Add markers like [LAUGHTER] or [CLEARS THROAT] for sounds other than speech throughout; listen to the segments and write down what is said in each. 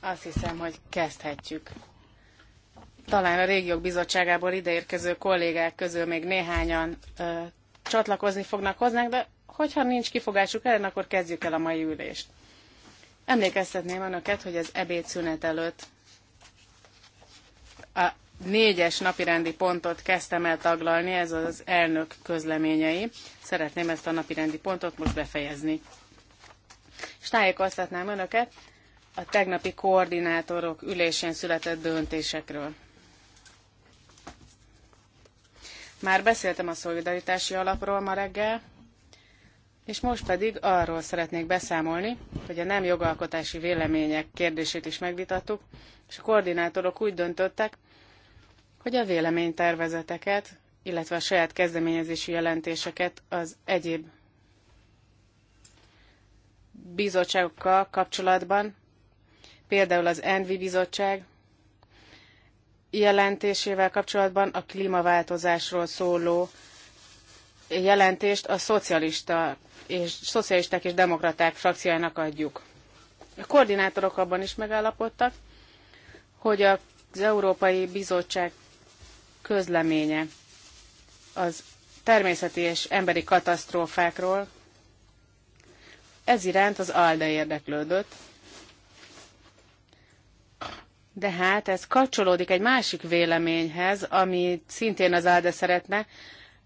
Azt hiszem, hogy kezdhetjük. Talán a régiók bizottságából ideérkező kollégák közül még néhányan ö, csatlakozni fognak hozzánk, de hogyha nincs kifogásuk ellen, akkor kezdjük el a mai ülést. Emlékeztetném önöket, hogy az ebédszünet előtt a négyes napirendi pontot kezdtem el taglalni, ez az elnök közleményei. Szeretném ezt a napirendi pontot most befejezni és tájékoztatnám önöket a tegnapi koordinátorok ülésén született döntésekről. Már beszéltem a szolidaritási alapról ma reggel, és most pedig arról szeretnék beszámolni, hogy a nem jogalkotási vélemények kérdését is megvitattuk, és a koordinátorok úgy döntöttek, hogy a véleménytervezeteket, illetve a saját kezdeményezési jelentéseket az egyéb bizottságokkal kapcsolatban, például az Envi bizottság jelentésével kapcsolatban a klímaváltozásról szóló jelentést a szocialista és, szocialisták és demokraták frakciójának adjuk. A koordinátorok abban is megállapodtak, hogy az Európai Bizottság közleménye az természeti és emberi katasztrófákról ez iránt az ALDE érdeklődött, de hát ez kapcsolódik egy másik véleményhez, ami szintén az ALDE szeretne.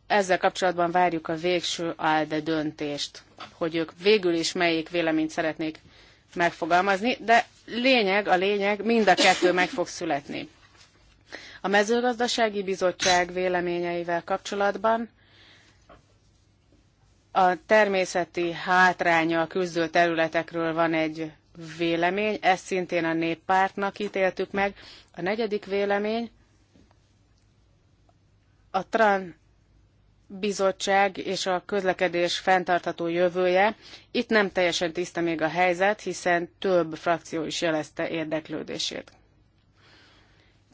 Ezzel kapcsolatban várjuk a végső ALDE döntést, hogy ők végül is melyik véleményt szeretnék megfogalmazni, de lényeg, a lényeg, mind a kettő meg fog születni. A mezőgazdasági bizottság véleményeivel kapcsolatban a természeti hátránya a küzdő területekről van egy vélemény, ezt szintén a néppártnak ítéltük meg. A negyedik vélemény a TRAN bizottság és a közlekedés fenntartható jövője. Itt nem teljesen tiszta még a helyzet, hiszen több frakció is jelezte érdeklődését.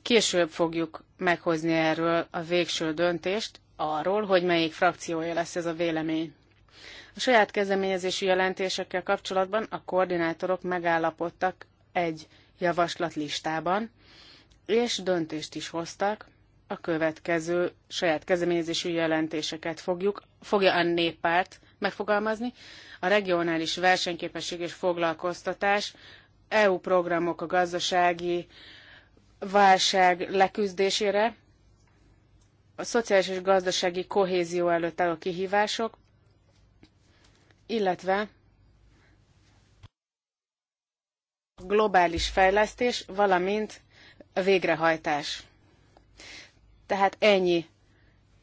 Később fogjuk meghozni erről a végső döntést, arról, hogy melyik frakciója lesz ez a vélemény. A saját kezdeményezésű jelentésekkel kapcsolatban a koordinátorok megállapodtak egy javaslatlistában, és döntést is hoztak, a következő saját kezdeményezésű jelentéseket fogjuk, fogja a néppárt megfogalmazni. A regionális versenyképesség és foglalkoztatás, EU programok a gazdasági válság leküzdésére, a szociális és gazdasági kohézió előtt álló kihívások, illetve globális fejlesztés, valamint a végrehajtás. Tehát ennyi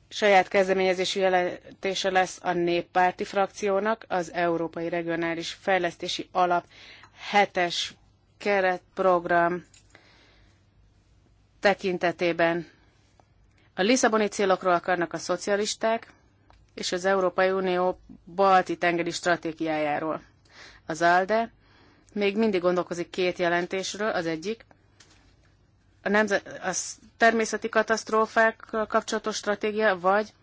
saját kezdeményezésű jelentése lesz a néppárti frakciónak az Európai Regionális Fejlesztési Alap hetes keretprogram tekintetében. A Lisszaboni célokról akarnak a szocialisták, és az Európai Unió balti tengeri stratégiájáról. Az ALDE még mindig gondolkozik két jelentésről, az egyik, a, nemzet, a természeti katasztrófák kapcsolatos stratégia, vagy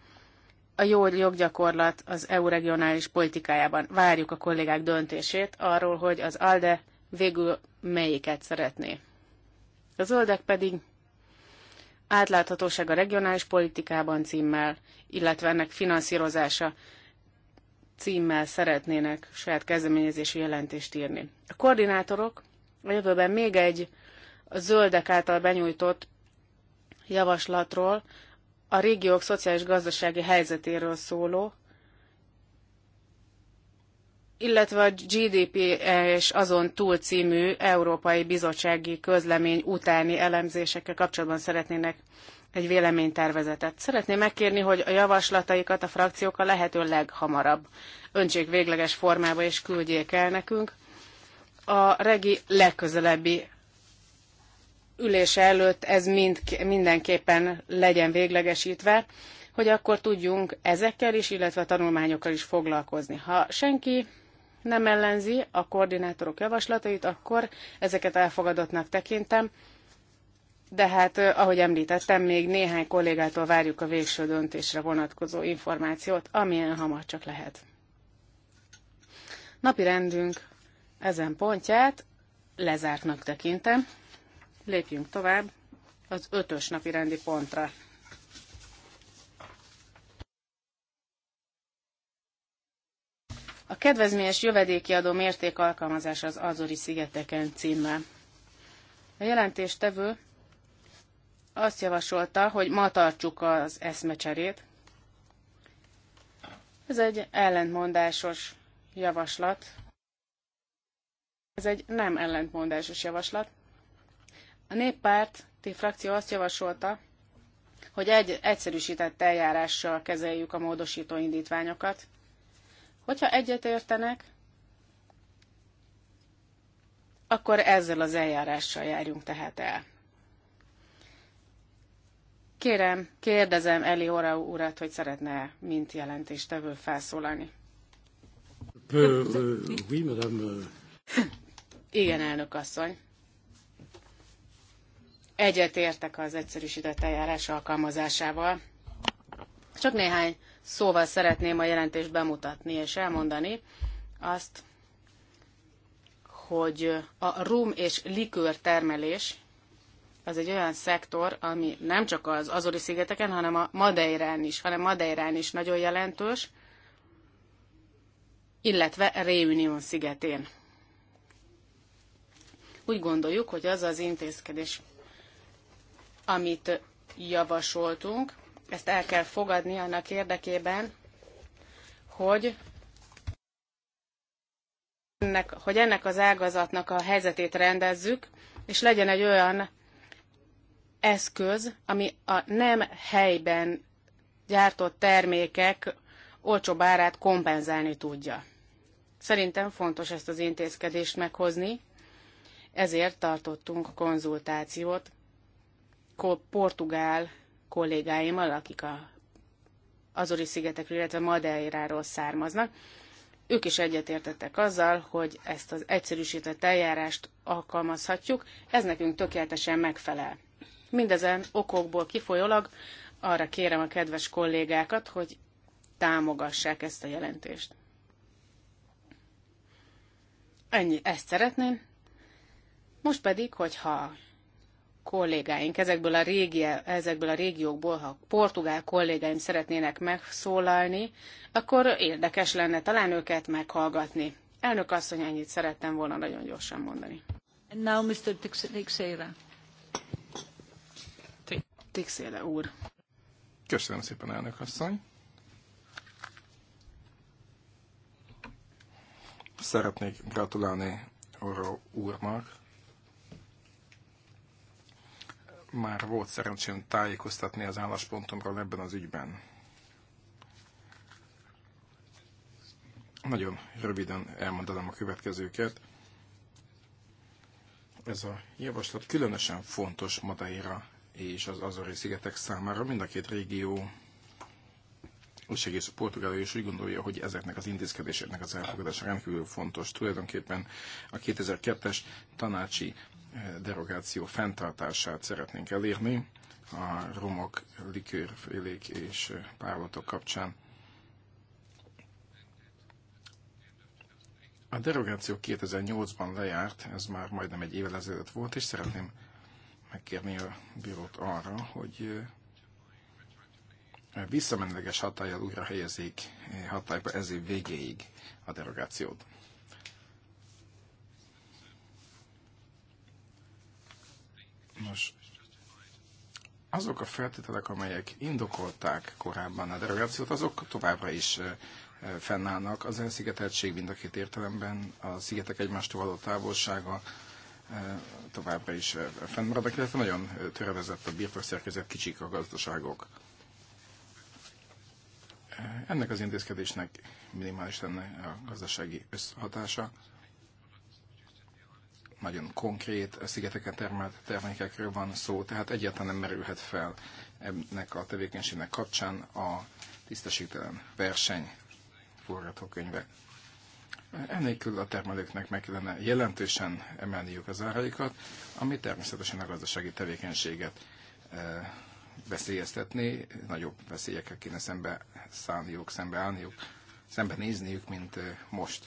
a jó joggyakorlat az EU regionális politikájában. Várjuk a kollégák döntését arról, hogy az ALDE végül melyiket szeretné. Az zöldek pedig átláthatóság a regionális politikában címmel, illetve ennek finanszírozása címmel szeretnének saját kezdeményezésű jelentést írni. A koordinátorok a jövőben még egy a zöldek által benyújtott javaslatról, a régiók szociális-gazdasági helyzetéről szóló illetve a GDP és azon túl című Európai Bizottsági Közlemény utáni elemzésekkel kapcsolatban szeretnének egy véleménytervezetet. Szeretném megkérni, hogy a javaslataikat a frakciók a lehető leghamarabb öntsék végleges formába és küldjék el nekünk. A regi legközelebbi ülése előtt ez mind, mindenképpen legyen véglegesítve, hogy akkor tudjunk ezekkel is, illetve a tanulmányokkal is foglalkozni. Ha senki nem ellenzi a koordinátorok javaslatait, akkor ezeket elfogadottnak tekintem, de hát, ahogy említettem, még néhány kollégától várjuk a végső döntésre vonatkozó információt, amilyen hamar csak lehet. Napi rendünk ezen pontját lezártnak tekintem. Lépjünk tovább az ötös napi rendi pontra. A kedvezményes jövedéki adó mérték alkalmazása az Azori szigeteken címmel. A jelentéstevő azt javasolta, hogy ma tartsuk az eszmecserét. Ez egy ellentmondásos javaslat. Ez egy nem ellentmondásos javaslat. A néppárti frakció azt javasolta, hogy egy egyszerűsített eljárással kezeljük a módosító indítványokat, Hogyha egyetértenek, akkor ezzel az eljárással járjunk tehát el. Kérem, kérdezem Eli Orau urat, hogy szeretne -e, mint jelentéstevő felszólalni. Euh, madame. Euh. Igen, elnök asszony. Egyet értek az egyszerűsített eljárás alkalmazásával. Csak néhány szóval szeretném a jelentést bemutatni és elmondani azt, hogy a rum és likőr termelés az egy olyan szektor, ami nem csak az Azori szigeteken, hanem a Madeirán is, hanem Madeirán is nagyon jelentős, illetve Réunion szigetén. Úgy gondoljuk, hogy az az intézkedés, amit javasoltunk, ezt el kell fogadni annak érdekében, hogy ennek, hogy ennek az ágazatnak a helyzetét rendezzük, és legyen egy olyan eszköz, ami a nem helyben gyártott termékek olcsóbb árát kompenzálni tudja. Szerintem fontos ezt az intézkedést meghozni, ezért tartottunk konzultációt portugál kollégáimmal, akik a Azori szigetekről, illetve Madeiráról származnak. Ők is egyetértettek azzal, hogy ezt az egyszerűsített eljárást alkalmazhatjuk, ez nekünk tökéletesen megfelel. Mindezen okokból kifolyólag arra kérem a kedves kollégákat, hogy támogassák ezt a jelentést. Ennyi, ezt szeretném. Most pedig, hogyha kollégáink ezekből a, régi, ezekből a régiókból, ha portugál kollégáim szeretnének megszólalni, akkor érdekes lenne talán őket meghallgatni. Elnök asszony, ennyit szerettem volna nagyon gyorsan mondani. And now Mr. Tixeira. Tixeira úr. Köszönöm szépen, elnök asszony. Szeretnék gratulálni Oró úrnak már volt szerencsém tájékoztatni az álláspontomról ebben az ügyben. Nagyon röviden elmondanám a következőket. Ez a javaslat különösen fontos Madeira és az Azori szigetek számára. Mind a két régió úgy egész Portugália is úgy gondolja, hogy ezeknek az intézkedéseknek az elfogadása rendkívül fontos. Tulajdonképpen a 2002-es tanácsi derogáció fenntartását szeretnénk elérni a romok, likőrfélék és párlatok kapcsán. A derogáció 2008-ban lejárt, ez már majdnem egy évvel ezelőtt volt, és szeretném megkérni a bírót arra, hogy eh, visszamenleges hatállyal újra helyezik eh, hatályba ez év végéig a derogációt. Nos, azok a feltételek, amelyek indokolták korábban a derogációt, azok továbbra is fennállnak. Az elszigeteltség mind a két értelemben, a szigetek egymástól való távolsága továbbra is fennmaradnak, illetve nagyon törevezett a birtokszerkezet, kicsik a gazdaságok. Ennek az intézkedésnek minimális lenne a gazdasági összhatása nagyon konkrét szigeteken termelt termékekről van szó, tehát egyáltalán nem merülhet fel ennek a tevékenységnek kapcsán a tisztességtelen verseny forgatókönyve. Ennélkül a termelőknek meg kellene jelentősen emelniük az áraikat, ami természetesen a gazdasági tevékenységet eh, veszélyeztetni, nagyobb veszélyekkel kéne szembe szállniuk, szembe nézniük mint eh, most.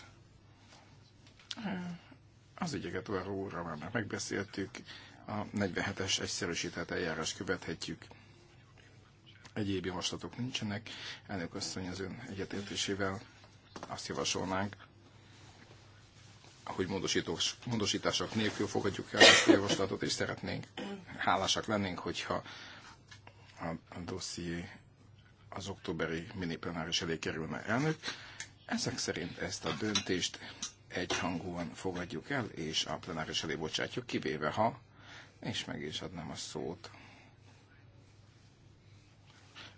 Eh, az ügyeket arra úrra már megbeszéltük, a 47-es egyszerűsített eljárás követhetjük. Egyéb javaslatok nincsenek. Elnök asszony az ön egyetértésével azt javasolnánk, hogy módosítós, módosítások nélkül fogadjuk el ezt a javaslatot, és szeretnénk, hálásak lennénk, hogyha a, a dosszié az októberi miniplenáris elé kerülne elnök. Ezek szerint ezt a döntést egyhangúan fogadjuk el, és a plenáris elé bocsátjuk, kivéve ha, és meg is adnám a szót.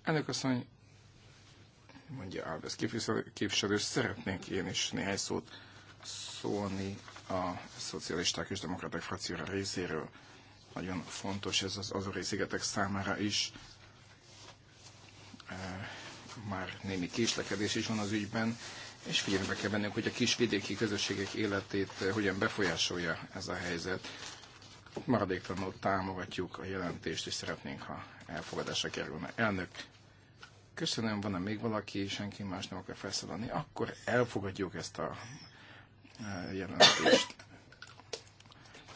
Elnök asszony, mondja Alves képviselő, képviselő, szeretnék én is néhány szót szólni a szocialisták és demokraták frakcióra részéről. Nagyon fontos ez az azori szigetek számára is. Már némi késlekedés is van az ügyben és figyelembe kell vennünk, hogy a kisvidéki közösségek életét eh, hogyan befolyásolja ez a helyzet. Maradéktalanul támogatjuk a jelentést, és szeretnénk, ha elfogadásra kerülne. Elnök, köszönöm, van-e még valaki, senki más nem akar felszólalni, akkor elfogadjuk ezt a eh, jelentést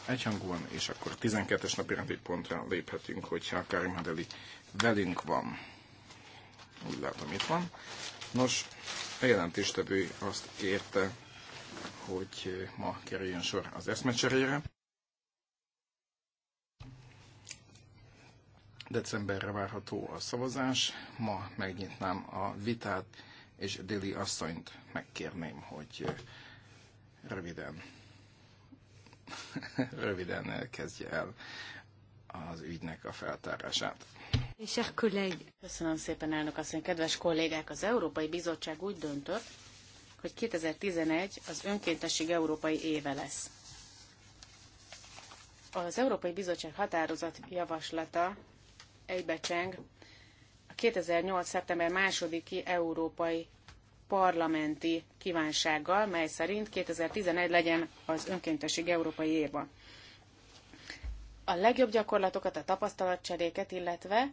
egyhangúan, és akkor 12-es napi rendi pontra léphetünk, hogyha Karim Hadeli velünk van. Úgy látom, itt van. Nos, a jelentéstevő azt kérte, hogy ma kerüljön sor az eszmecserére. Decemberre várható a szavazás, ma megnyitnám a vitát, és Dili asszonyt megkérném, hogy röviden, [LAUGHS] röviden kezdje el az ügynek a feltárását. Köszönöm szépen, elnök asszony. Kedves kollégák, az Európai Bizottság úgy döntött, hogy 2011 az önkéntesség európai éve lesz. Az Európai Bizottság határozat javaslata egybecseng a 2008. szeptember másodiki európai parlamenti kívánsággal, mely szerint 2011 legyen az önkéntesség európai éva. A legjobb gyakorlatokat, a tapasztalatcseréket, illetve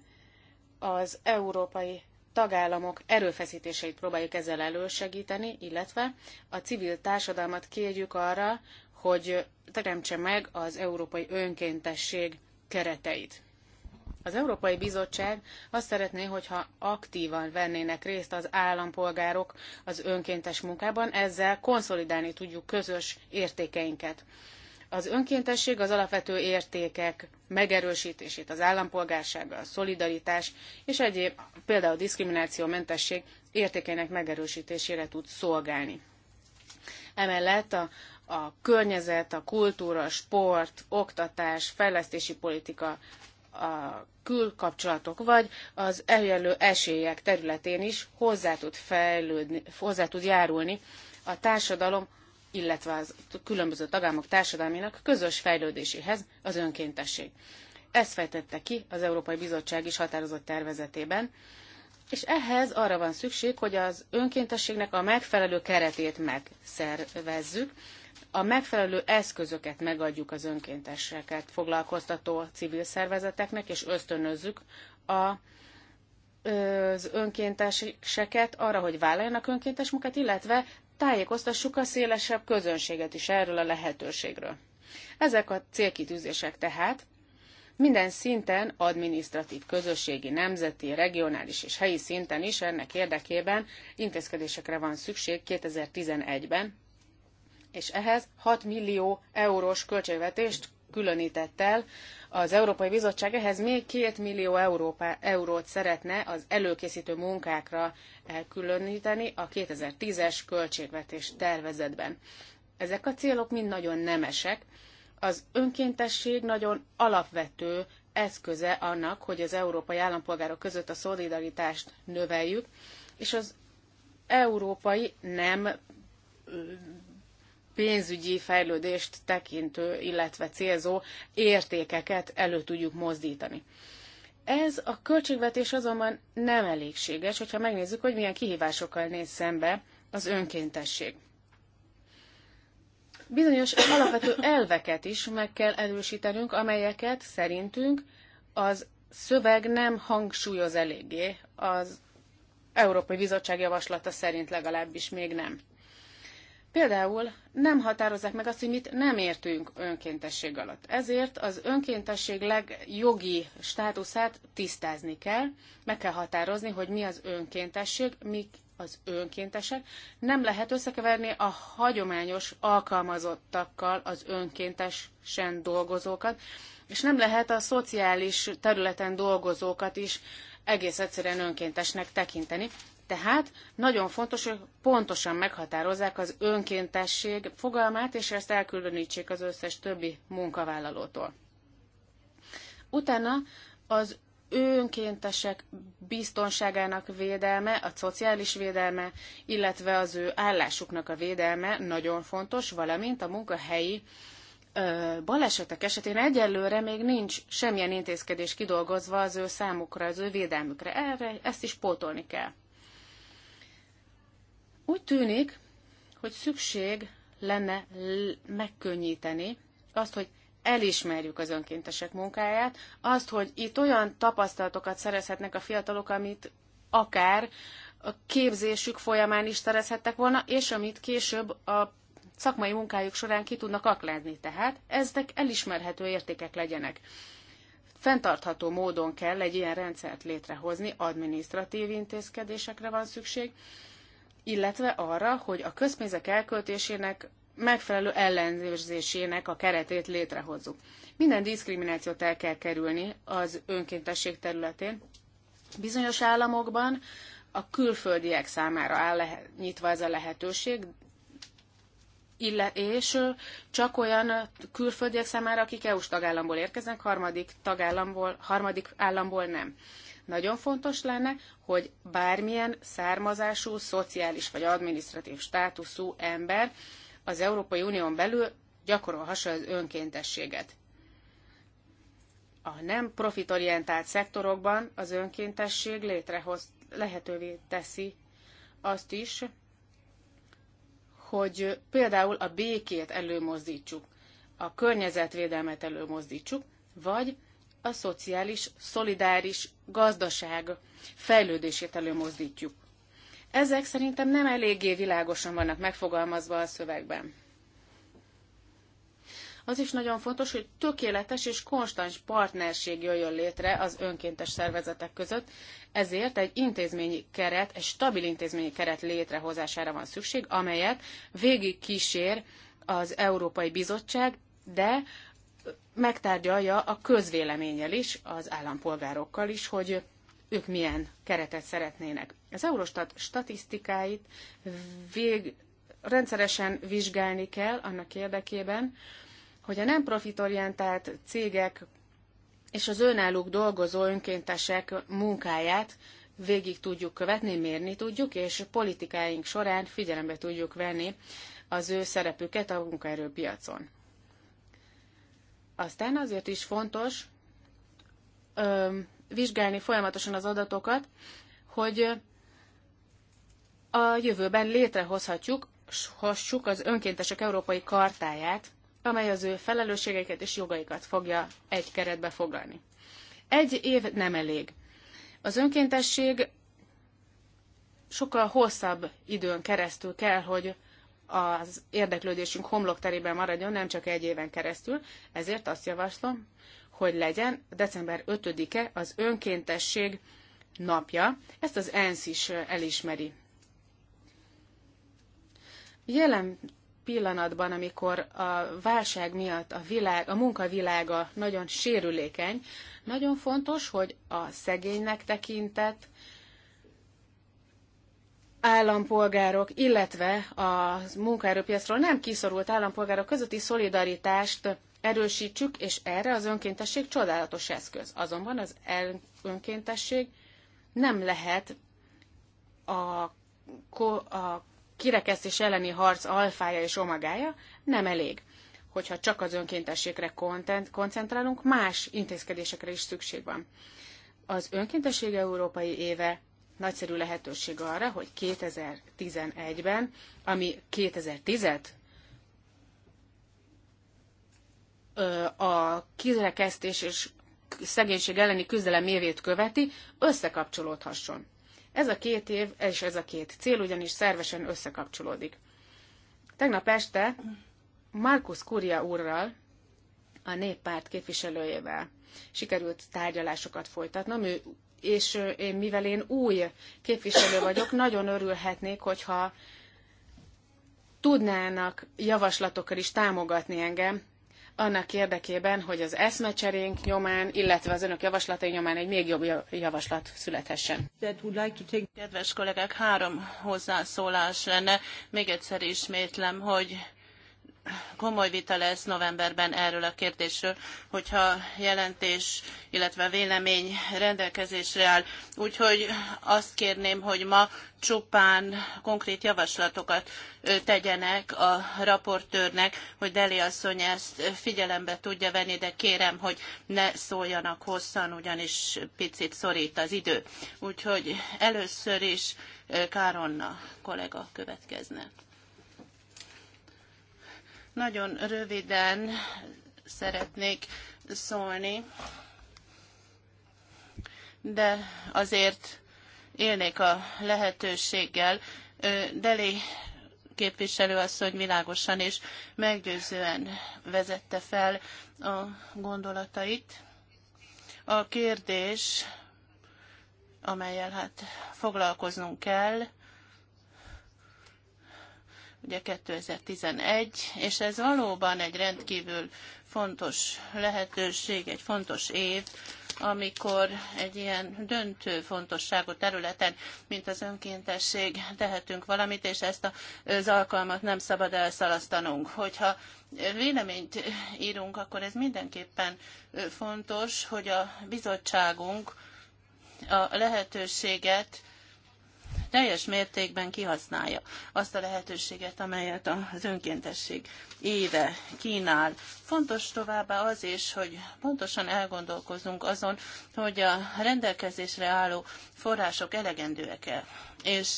az európai tagállamok erőfeszítéseit próbáljuk ezzel elősegíteni, illetve a civil társadalmat kérjük arra, hogy teremtse meg az európai önkéntesség kereteit. Az Európai Bizottság azt szeretné, hogyha aktívan vennének részt az állampolgárok az önkéntes munkában, ezzel konszolidálni tudjuk közös értékeinket. Az önkéntesség az alapvető értékek megerősítését, az állampolgárság, a szolidaritás és egyéb, például a diszkriminációmentesség értékeinek megerősítésére tud szolgálni. Emellett a, a környezet, a kultúra, a sport, oktatás, fejlesztési politika, a külkapcsolatok vagy az egyenlő esélyek területén is hozzá tud, fejlődni, hozzá tud járulni a társadalom illetve az különböző tagállamok társadalmának közös fejlődéséhez az önkéntesség. Ezt fejtette ki az Európai Bizottság is határozott tervezetében, és ehhez arra van szükség, hogy az önkéntességnek a megfelelő keretét megszervezzük, a megfelelő eszközöket megadjuk az önkénteseket foglalkoztató civil szervezeteknek, és ösztönözzük a, az önkénteseket arra, hogy vállaljanak önkéntes munkát, illetve tájékoztassuk a szélesebb közönséget is erről a lehetőségről. Ezek a célkitűzések tehát minden szinten, adminisztratív, közösségi, nemzeti, regionális és helyi szinten is ennek érdekében intézkedésekre van szükség 2011-ben, és ehhez 6 millió eurós költségvetést különített el. Az Európai Bizottság ehhez még két millió Európa, eurót szeretne az előkészítő munkákra elkülöníteni a 2010-es költségvetés tervezetben. Ezek a célok mind nagyon nemesek. Az önkéntesség nagyon alapvető eszköze annak, hogy az európai állampolgárok között a szolidaritást növeljük, és az európai nem pénzügyi fejlődést tekintő, illetve célzó értékeket elő tudjuk mozdítani. Ez a költségvetés azonban nem elégséges, hogyha megnézzük, hogy milyen kihívásokkal néz szembe az önkéntesség. Bizonyos alapvető elveket is meg kell erősítenünk, amelyeket szerintünk az szöveg nem hangsúlyoz eléggé, az Európai Bizottság javaslata szerint legalábbis még nem. Például nem határozzák meg azt, hogy mit nem értünk önkéntesség alatt. Ezért az önkéntesség legjogi státuszát tisztázni kell, meg kell határozni, hogy mi az önkéntesség, mik az önkéntesek. Nem lehet összekeverni a hagyományos alkalmazottakkal az önkéntesen dolgozókat, és nem lehet a szociális területen dolgozókat is egész egyszerűen önkéntesnek tekinteni, tehát nagyon fontos, hogy pontosan meghatározzák az önkéntesség fogalmát, és ezt elkülönítsék az összes többi munkavállalótól. Utána az önkéntesek biztonságának védelme, a szociális védelme, illetve az ő állásuknak a védelme nagyon fontos, valamint a munkahelyi ö, balesetek esetén egyelőre még nincs semmilyen intézkedés kidolgozva az ő számukra, az ő védelmükre. Erre ezt is pótolni kell. Úgy tűnik, hogy szükség lenne megkönnyíteni azt, hogy elismerjük az önkéntesek munkáját, azt, hogy itt olyan tapasztalatokat szerezhetnek a fiatalok, amit akár a képzésük folyamán is szerezhettek volna, és amit később a szakmai munkájuk során ki tudnak aklázni. Tehát ezek elismerhető értékek legyenek. Fentartható módon kell egy ilyen rendszert létrehozni, administratív intézkedésekre van szükség, illetve arra, hogy a közpénzek elköltésének megfelelő ellenőrzésének a keretét létrehozzuk. Minden diszkriminációt el kell kerülni az önkéntesség területén. Bizonyos államokban a külföldiek számára áll nyitva ez a lehetőség, ille, és csak olyan külföldiek számára, akik EU-s tagállamból érkeznek, harmadik, tagállamból, harmadik államból nem. Nagyon fontos lenne, hogy bármilyen származású, szociális vagy adminisztratív státuszú ember az Európai Unión belül gyakorolhassa az önkéntességet. A nem profitorientált szektorokban az önkéntesség létrehoz, lehetővé teszi azt is, hogy például a békét előmozdítsuk, a környezetvédelmet előmozdítsuk, vagy a szociális, szolidáris gazdaság fejlődését előmozdítjuk. Ezek szerintem nem eléggé világosan vannak megfogalmazva a szövegben. Az is nagyon fontos, hogy tökéletes és konstans partnerség jöjjön létre az önkéntes szervezetek között, ezért egy intézményi keret, egy stabil intézményi keret létrehozására van szükség, amelyet végig kísér az Európai Bizottság, de megtárgyalja a közvéleménnyel is, az állampolgárokkal is, hogy ők milyen keretet szeretnének. Az Eurostat statisztikáit vég, rendszeresen vizsgálni kell annak érdekében, hogy a nem profitorientált cégek és az önállók dolgozó önkéntesek munkáját végig tudjuk követni, mérni tudjuk, és politikáink során figyelembe tudjuk venni az ő szerepüket a munkaerőpiacon. Aztán azért is fontos ö, vizsgálni folyamatosan az adatokat, hogy a jövőben létrehozhatjuk hassuk az önkéntesek európai kartáját, amely az ő felelősségeket és jogaikat fogja egy keretbe foglalni. Egy év nem elég. Az önkéntesség sokkal hosszabb időn keresztül kell, hogy az érdeklődésünk homlokterében maradjon, nem csak egy éven keresztül. Ezért azt javaslom, hogy legyen december 5-e az önkéntesség napja. Ezt az ENSZ is elismeri. Jelen pillanatban, amikor a válság miatt a, világ, a munkavilága nagyon sérülékeny, nagyon fontos, hogy a szegénynek tekintett állampolgárok, illetve a munkaerőpiacról nem kiszorult állampolgárok közötti szolidaritást erősítsük, és erre az önkéntesség csodálatos eszköz. Azonban az önkéntesség nem lehet a, a kirekesztés elleni harc alfája és omagája nem elég. Hogyha csak az önkéntességre koncentrálunk, más intézkedésekre is szükség van. Az önkéntesség európai éve nagyszerű lehetőség arra, hogy 2011-ben, ami 2010-et a kirekesztés és szegénység elleni küzdelem évét követi, összekapcsolódhasson. Ez a két év, és ez a két cél ugyanis szervesen összekapcsolódik. Tegnap este Markus Kuria úrral, a néppárt képviselőjével sikerült tárgyalásokat folytatnom, ő, és én, mivel én új képviselő vagyok, nagyon örülhetnék, hogyha tudnának javaslatokkal is támogatni engem annak érdekében, hogy az eszmecserénk nyomán, illetve az önök javaslatai nyomán egy még jobb javaslat születhessen. Kedves kollégák, három hozzászólás lenne. Még egyszer ismétlem, hogy komoly vita lesz novemberben erről a kérdésről, hogyha jelentés, illetve vélemény rendelkezésre áll. Úgyhogy azt kérném, hogy ma csupán konkrét javaslatokat tegyenek a raportőrnek, hogy Deli asszony ezt figyelembe tudja venni, de kérem, hogy ne szóljanak hosszan, ugyanis picit szorít az idő. Úgyhogy először is Káronna kollega következne. Nagyon röviden szeretnék szólni, de azért élnék a lehetőséggel. Deli képviselő asszony világosan és meggyőzően vezette fel a gondolatait. A kérdés, amelyel hát foglalkoznunk kell, ugye 2011, és ez valóban egy rendkívül fontos lehetőség, egy fontos év, amikor egy ilyen döntő fontosságú területen, mint az önkéntesség, tehetünk valamit, és ezt az alkalmat nem szabad elszalasztanunk. Hogyha véleményt írunk, akkor ez mindenképpen fontos, hogy a bizottságunk a lehetőséget teljes mértékben kihasználja azt a lehetőséget, amelyet az önkéntesség éve kínál. Fontos továbbá az is, hogy pontosan elgondolkozunk azon, hogy a rendelkezésre álló források elegendőek-e, és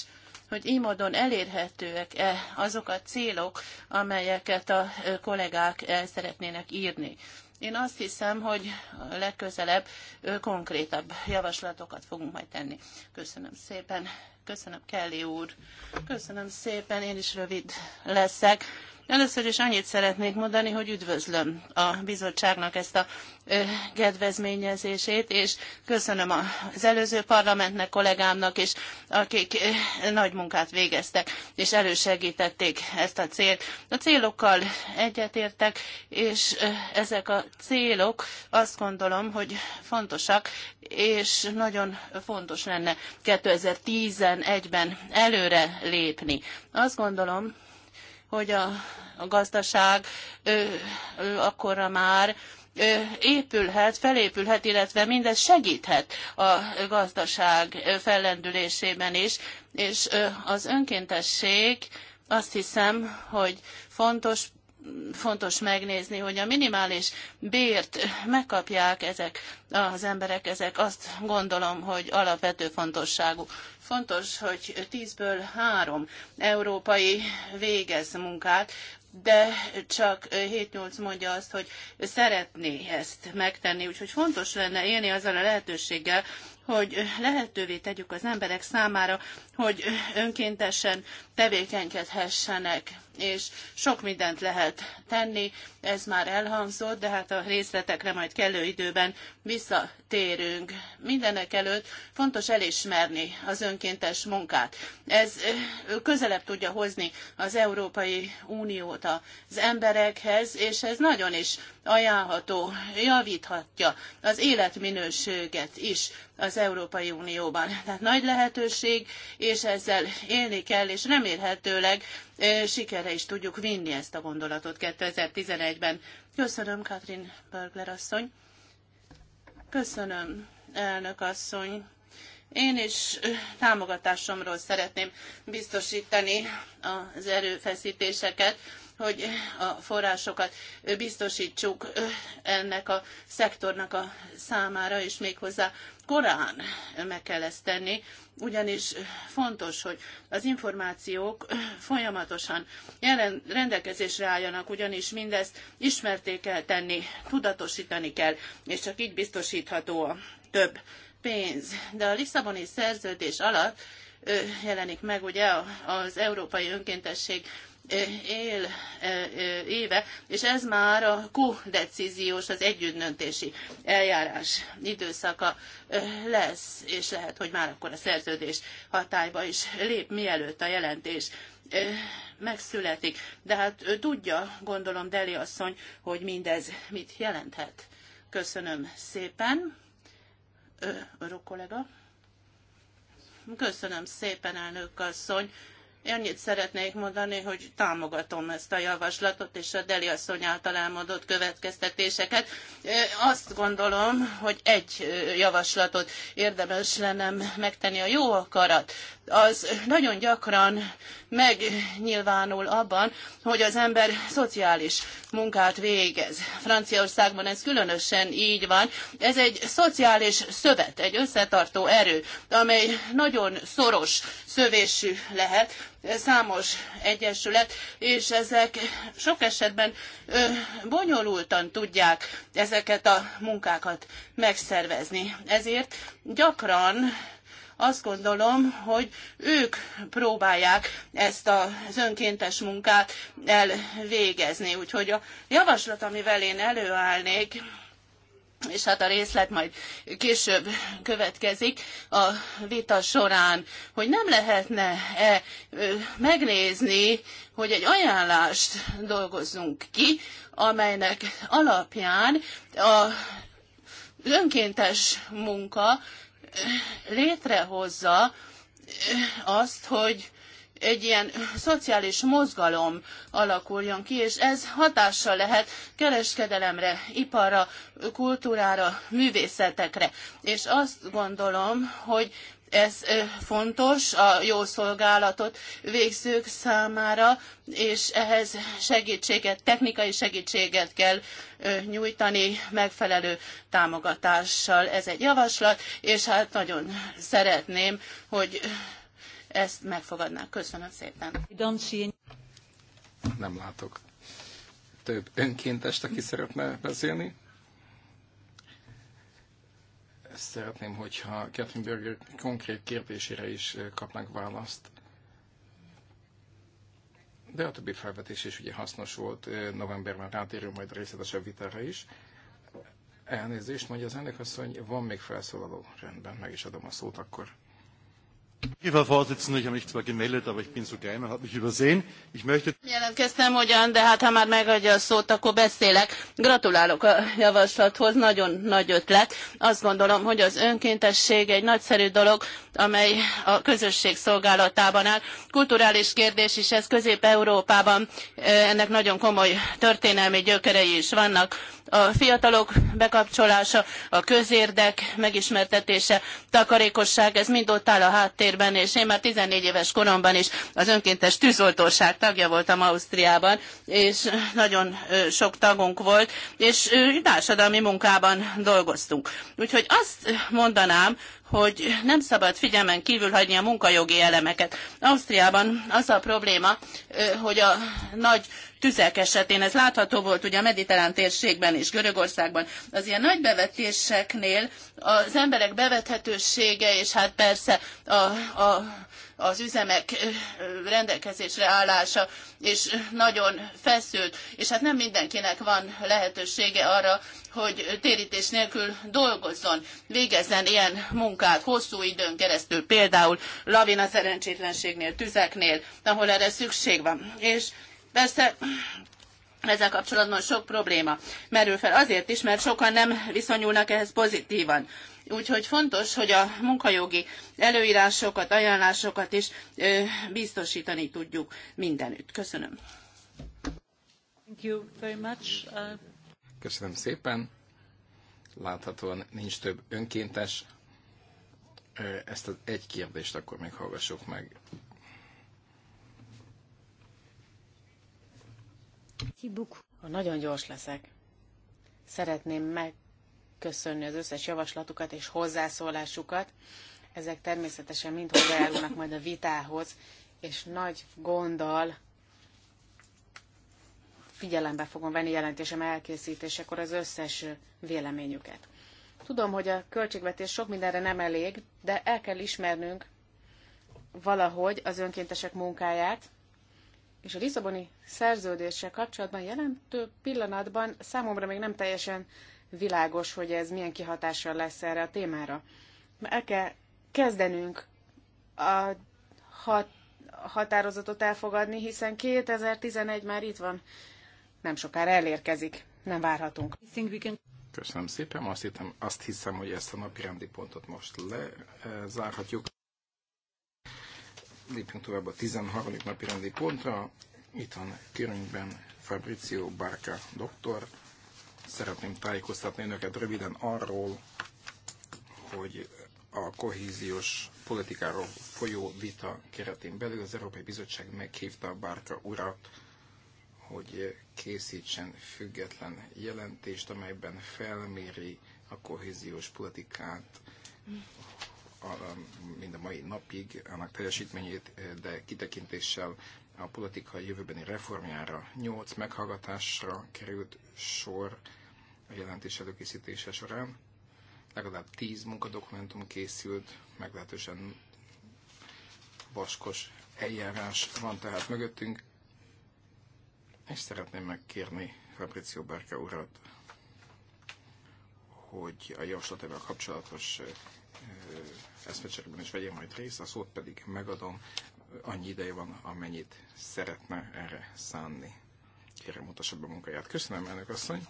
hogy így módon elérhetőek-e azok a célok, amelyeket a kollégák el szeretnének írni. Én azt hiszem, hogy legközelebb konkrétabb javaslatokat fogunk majd tenni. Köszönöm szépen, Köszönöm, Kelly úr. Köszönöm szépen, én is rövid leszek. Először is annyit szeretnék mondani, hogy üdvözlöm a bizottságnak ezt a kedvezményezését, és köszönöm az előző parlamentnek, kollégámnak is, akik nagy munkát végeztek, és elősegítették ezt a célt. A célokkal egyetértek, és ezek a célok azt gondolom, hogy fontosak, és nagyon fontos lenne 2011-ben előre lépni. Azt gondolom, hogy a, a gazdaság ö, ö, akkora már ö, épülhet, felépülhet, illetve mindez segíthet a gazdaság fellendülésében is, és ö, az önkéntesség azt hiszem, hogy fontos fontos megnézni, hogy a minimális bért megkapják ezek az emberek, ezek azt gondolom, hogy alapvető fontosságú. Fontos, hogy tízből három európai végez munkát, de csak 7-8 mondja azt, hogy szeretné ezt megtenni, úgyhogy fontos lenne élni azzal a lehetőséggel, hogy lehetővé tegyük az emberek számára, hogy önkéntesen tevékenykedhessenek és sok mindent lehet tenni, ez már elhangzott, de hát a részletekre majd kellő időben visszatérünk. Mindenek előtt fontos elismerni az önkéntes munkát. Ez közelebb tudja hozni az Európai Uniót az emberekhez, és ez nagyon is ajánlható, javíthatja az életminőséget is az Európai Unióban. Tehát nagy lehetőség, és ezzel élni kell, és remélhetőleg sikerre is tudjuk vinni ezt a gondolatot 2011-ben. Köszönöm, Katrin Börgler asszony. Köszönöm, elnök asszony. Én is támogatásomról szeretném biztosítani az erőfeszítéseket, hogy a forrásokat biztosítsuk ennek a szektornak a számára, és méghozzá korán meg kell ezt tenni, ugyanis fontos, hogy az információk folyamatosan jelen, rendelkezésre álljanak, ugyanis mindezt ismerté kell tenni, tudatosítani kell, és csak így biztosítható a több pénz. De a Lisszaboni szerződés alatt jelenik meg ugye az Európai Önkéntesség él, éve, és ez már a kodecíziós, az együttdöntési eljárás időszaka lesz, és lehet, hogy már akkor a szerződés hatályba is lép, mielőtt a jelentés megszületik. De hát ő tudja, gondolom Deli asszony, hogy mindez mit jelenthet. Köszönöm szépen. Örök kollega. Köszönöm szépen, elnök asszony. Én annyit szeretnék mondani, hogy támogatom ezt a javaslatot és a Deli asszony által elmondott következtetéseket. Azt gondolom, hogy egy javaslatot érdemes lenne megtenni a jó akarat az nagyon gyakran megnyilvánul abban, hogy az ember szociális munkát végez. Franciaországban ez különösen így van. Ez egy szociális szövet, egy összetartó erő, amely nagyon szoros szövésű lehet, számos egyesület, és ezek sok esetben bonyolultan tudják ezeket a munkákat megszervezni. Ezért gyakran azt gondolom, hogy ők próbálják ezt az önkéntes munkát elvégezni. Úgyhogy a javaslat, amivel én előállnék, és hát a részlet majd később következik a vita során, hogy nem lehetne -e megnézni, hogy egy ajánlást dolgozzunk ki, amelynek alapján a önkéntes munka létrehozza eh, azt, hogy egy ilyen szociális mozgalom alakuljon ki, és ez hatással lehet kereskedelemre, iparra, kultúrára, művészetekre. És azt gondolom, hogy ez fontos a jó szolgálatot végzők számára, és ehhez segítséget, technikai segítséget kell nyújtani megfelelő támogatással. Ez egy javaslat, és hát nagyon szeretném, hogy ezt megfogadnák. Köszönöm szépen. Nem látok több önkéntest, aki szeretne beszélni szeretném, hogyha Catherine Berger konkrét kérdésére is kapnak választ. De a többi felvetés is ugye hasznos volt, novemberben rátérünk majd részletesebb vitára is. Elnézést, mondja az elnök asszony, van még felszólaló. Rendben, meg is adom a szót akkor. Frau Vorsitzende, ich habe mich zwar gemeldet, aber ich bin so klein und habe mich übersehen. Ich möchte... Jelentkeztem ugyan, de hát ha már megadja a szót, akkor beszélek. Gratulálok a javaslathoz, nagyon nagy ötlet. Azt gondolom, hogy az önkéntesség egy nagyszerű dolog, amely a közösség szolgálatában áll. Kulturális kérdés is ez Közép-Európában, eh, ennek nagyon komoly történelmi gyökerei is vannak a fiatalok bekapcsolása, a közérdek megismertetése, takarékosság, ez mind ott áll a háttérben, és én már 14 éves koromban is az önkéntes tűzoltóság tagja voltam Ausztriában, és nagyon sok tagunk volt, és társadalmi munkában dolgoztunk. Úgyhogy azt mondanám, hogy nem szabad figyelmen kívül hagyni a munkajogi elemeket. Ausztriában az a probléma, hogy a nagy tüzek esetén, ez látható volt ugye a mediterrán térségben és Görögországban, az ilyen nagy bevetéseknél az emberek bevethetősége, és hát persze a, a az üzemek rendelkezésre állása, és nagyon feszült, és hát nem mindenkinek van lehetősége arra, hogy térítés nélkül dolgozzon, végezzen ilyen munkát hosszú időn keresztül, például lavina szerencsétlenségnél, tüzeknél, ahol erre szükség van. És persze ezzel kapcsolatban sok probléma merül fel azért is, mert sokan nem viszonyulnak ehhez pozitívan. Úgyhogy fontos, hogy a munkajogi előírásokat, ajánlásokat is biztosítani tudjuk mindenütt. Köszönöm. Thank you very much. Uh, Köszönöm szépen. Láthatóan nincs több önkéntes. Ezt az egy kérdést akkor még hallgassuk meg. Nagyon gyors leszek. Szeretném meg köszönni az összes javaslatukat és hozzászólásukat. Ezek természetesen mind hozzájárulnak majd a vitához, és nagy gonddal figyelembe fogom venni jelentésem elkészítésekor az összes véleményüket. Tudom, hogy a költségvetés sok mindenre nem elég, de el kell ismernünk valahogy az önkéntesek munkáját, és a Lisszaboni szerződéssel kapcsolatban jelentő pillanatban számomra még nem teljesen világos, hogy ez milyen kihatással lesz erre a témára. El kell kezdenünk a hat, határozatot elfogadni, hiszen 2011 már itt van, nem sokára elérkezik, nem várhatunk. Köszönöm szépen, azt, hittem, azt hiszem, hogy ezt a napirendi pontot most lezárhatjuk. Lépjünk tovább a 13. napirendi pontra. Itt van körünkben Fabrizio Barca doktor, Szeretném tájékoztatni önöket röviden arról, hogy a kohéziós politikáról folyó vita keretén belül az Európai Bizottság meghívta a Bárka urat, hogy készítsen független jelentést, amelyben felméri a kohéziós politikát a, mind a mai napig, annak teljesítményét, de kitekintéssel a politika jövőbeni reformjára. Nyolc meghallgatásra került sor a jelentés előkészítése során. Legalább tíz munkadokumentum készült, meglehetősen vaskos eljárás van tehát mögöttünk, és szeretném megkérni Fabrizio Berke urat, hogy a javaslatával kapcsolatos eszmecserében is vegyél majd részt, a szót pedig megadom, annyi ideje van, amennyit szeretne erre szánni. Kérem, mutassa be munkáját. Köszönöm, elnök asszony!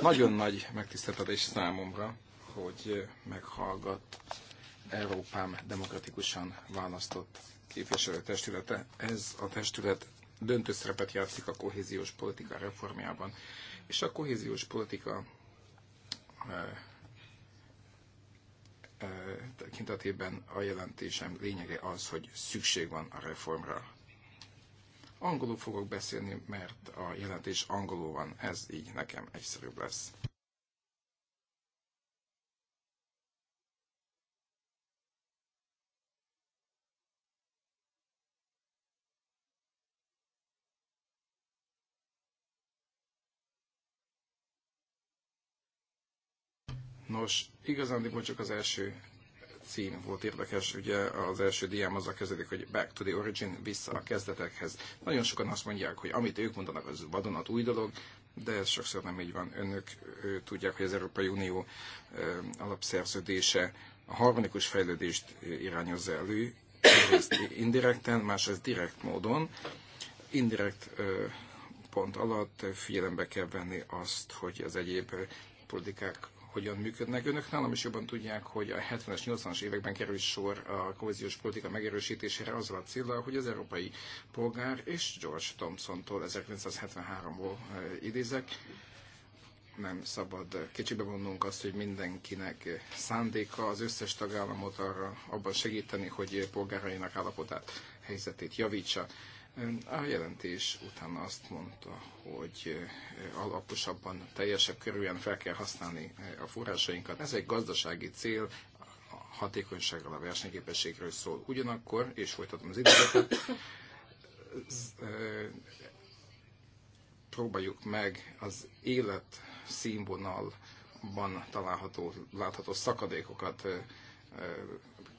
Nagyon nagy megtiszteltetés számomra, hogy meghallgat Európám demokratikusan választott képviselőtestülete. Ez a testület döntő szerepet játszik a kohéziós politika reformjában. És a kohéziós politika eh, eh, tekintetében a jelentésem lényege az, hogy szükség van a reformra. Angolul fogok beszélni, mert a jelentés angolul van, ez így nekem egyszerűbb lesz. Nos, igazándiból csak az első cím volt érdekes, ugye az első diám azzal kezdődik, hogy Back to the Origin, vissza a kezdetekhez. Nagyon sokan azt mondják, hogy amit ők mondanak, az vadonat új dolog, de ez sokszor nem így van. Önök ő, tudják, hogy az Európai Unió ö, alapszerződése a harmonikus fejlődést irányozza elő, egyrészt indirekten, másrészt direkt módon. Indirekt ö, pont alatt figyelembe kell venni azt, hogy az egyéb politikák hogyan működnek. Önök nálam is jobban tudják, hogy a 70-es, 80-as években került sor a kohéziós politika megerősítésére azzal a célral, hogy az európai polgár és George Thompson-tól 1973-ból eh, idézek, nem szabad kicsibe vonnunk azt, hogy mindenkinek szándéka az összes tagállamot arra abban segíteni, hogy polgárainak állapotát, helyzetét javítsa. A jelentés utána azt mondta, hogy eh, alaposabban, teljesebb körülön fel kell használni eh, a forrásainkat. Ez egy gazdasági cél, a hatékonyságról, a versenyképességről szól. Ugyanakkor, és folytatom az időt, eh, próbáljuk meg az élet színvonalban található, látható szakadékokat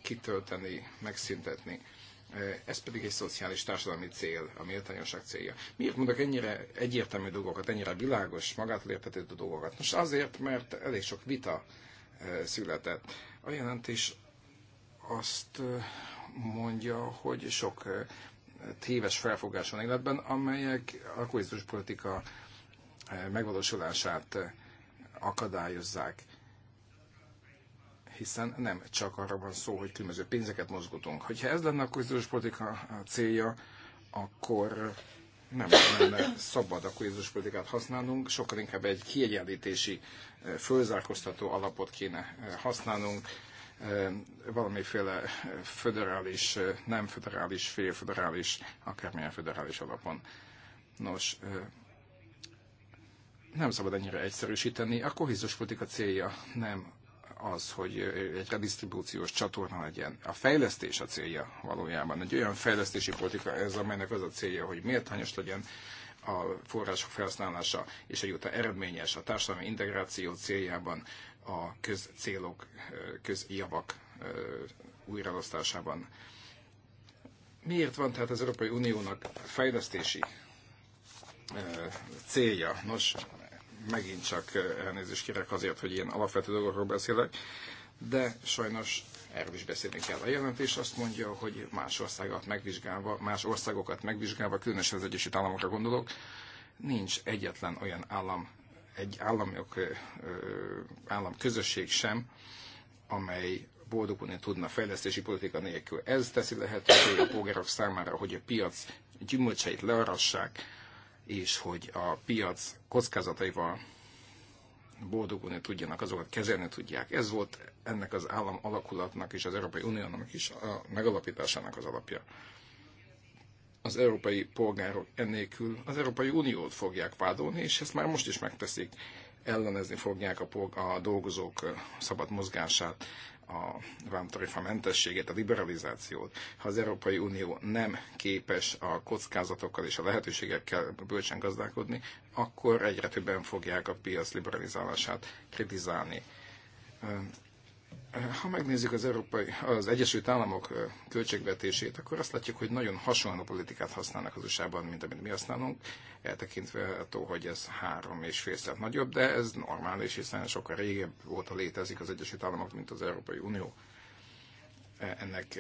kitölteni, megszüntetni Eh, ez pedig egy szociális társadalmi cél, a méltányosság célja. Miért mondok ennyire egyértelmű dolgokat, ennyire világos, magától értetődő dolgokat? Most azért, mert elég sok vita eh, született. A jelentés azt eh, mondja, hogy sok téves felfogás van életben, amelyek a politika megvalósulását akadályozzák hiszen nem csak arra van szó, hogy különböző pénzeket mozgatunk. Hogyha ez lenne a kohéziós politika célja, akkor nem lenne szabad a kohéziós politikát használnunk, sokkal inkább egy kiegyenlítési, eh, fölzárkóztató alapot kéne eh, használnunk, eh, valamiféle föderális, nem föderális, félföderális, akármilyen föderális alapon. Nos, nem szabad ennyire egyszerűsíteni. A kohéziós politika célja nem az, hogy egy redistribúciós csatorna legyen. A fejlesztés a célja valójában. Egy olyan fejlesztési politika ez, amelynek az a célja, hogy méltányos legyen a források felhasználása, és egyúttal eredményes a társadalmi integráció céljában a közcélok, közjavak újraosztásában. Miért van tehát az Európai Uniónak fejlesztési célja? Nos, megint csak eh, elnézést kérek azért, hogy ilyen alapvető dolgokról beszélek, de sajnos erről is beszélni kell. A jelentés azt mondja, hogy más országokat megvizsgálva, más országokat megvizsgálva, különösen az Egyesült Államokra gondolok, nincs egyetlen olyan állam, egy államok, eh, eh, államközösség sem, amely boldogulni tudna fejlesztési politika nélkül. Ez teszi lehetővé a polgárok számára, hogy a piac gyümölcseit learassák, és hogy a piac kockázataival boldogulni tudjanak, azokat kezelni tudják. Ez volt ennek az állam alakulatnak és az Európai Uniónak is a megalapításának az alapja. Az európai polgárok ennélkül az Európai Uniót fogják vádolni, és ezt már most is megteszik. Ellenezni fogják a, polg- a dolgozók szabad mozgását, a vámtarifa mentességet, a liberalizációt, ha az Európai Unió nem képes a kockázatokkal és a lehetőségekkel bölcsen gazdálkodni, akkor egyre többen fogják a piac liberalizálását kritizálni. Ha megnézzük az, Európai, az Egyesült Államok költségvetését, akkor azt látjuk, hogy nagyon hasonló politikát használnak az USA-ban, mint amit mi használunk, eltekintve attól, hogy ez három és fél nagyobb, de ez normális, hiszen sokkal régebb óta létezik az Egyesült Államok, mint az Európai Unió. E, ennek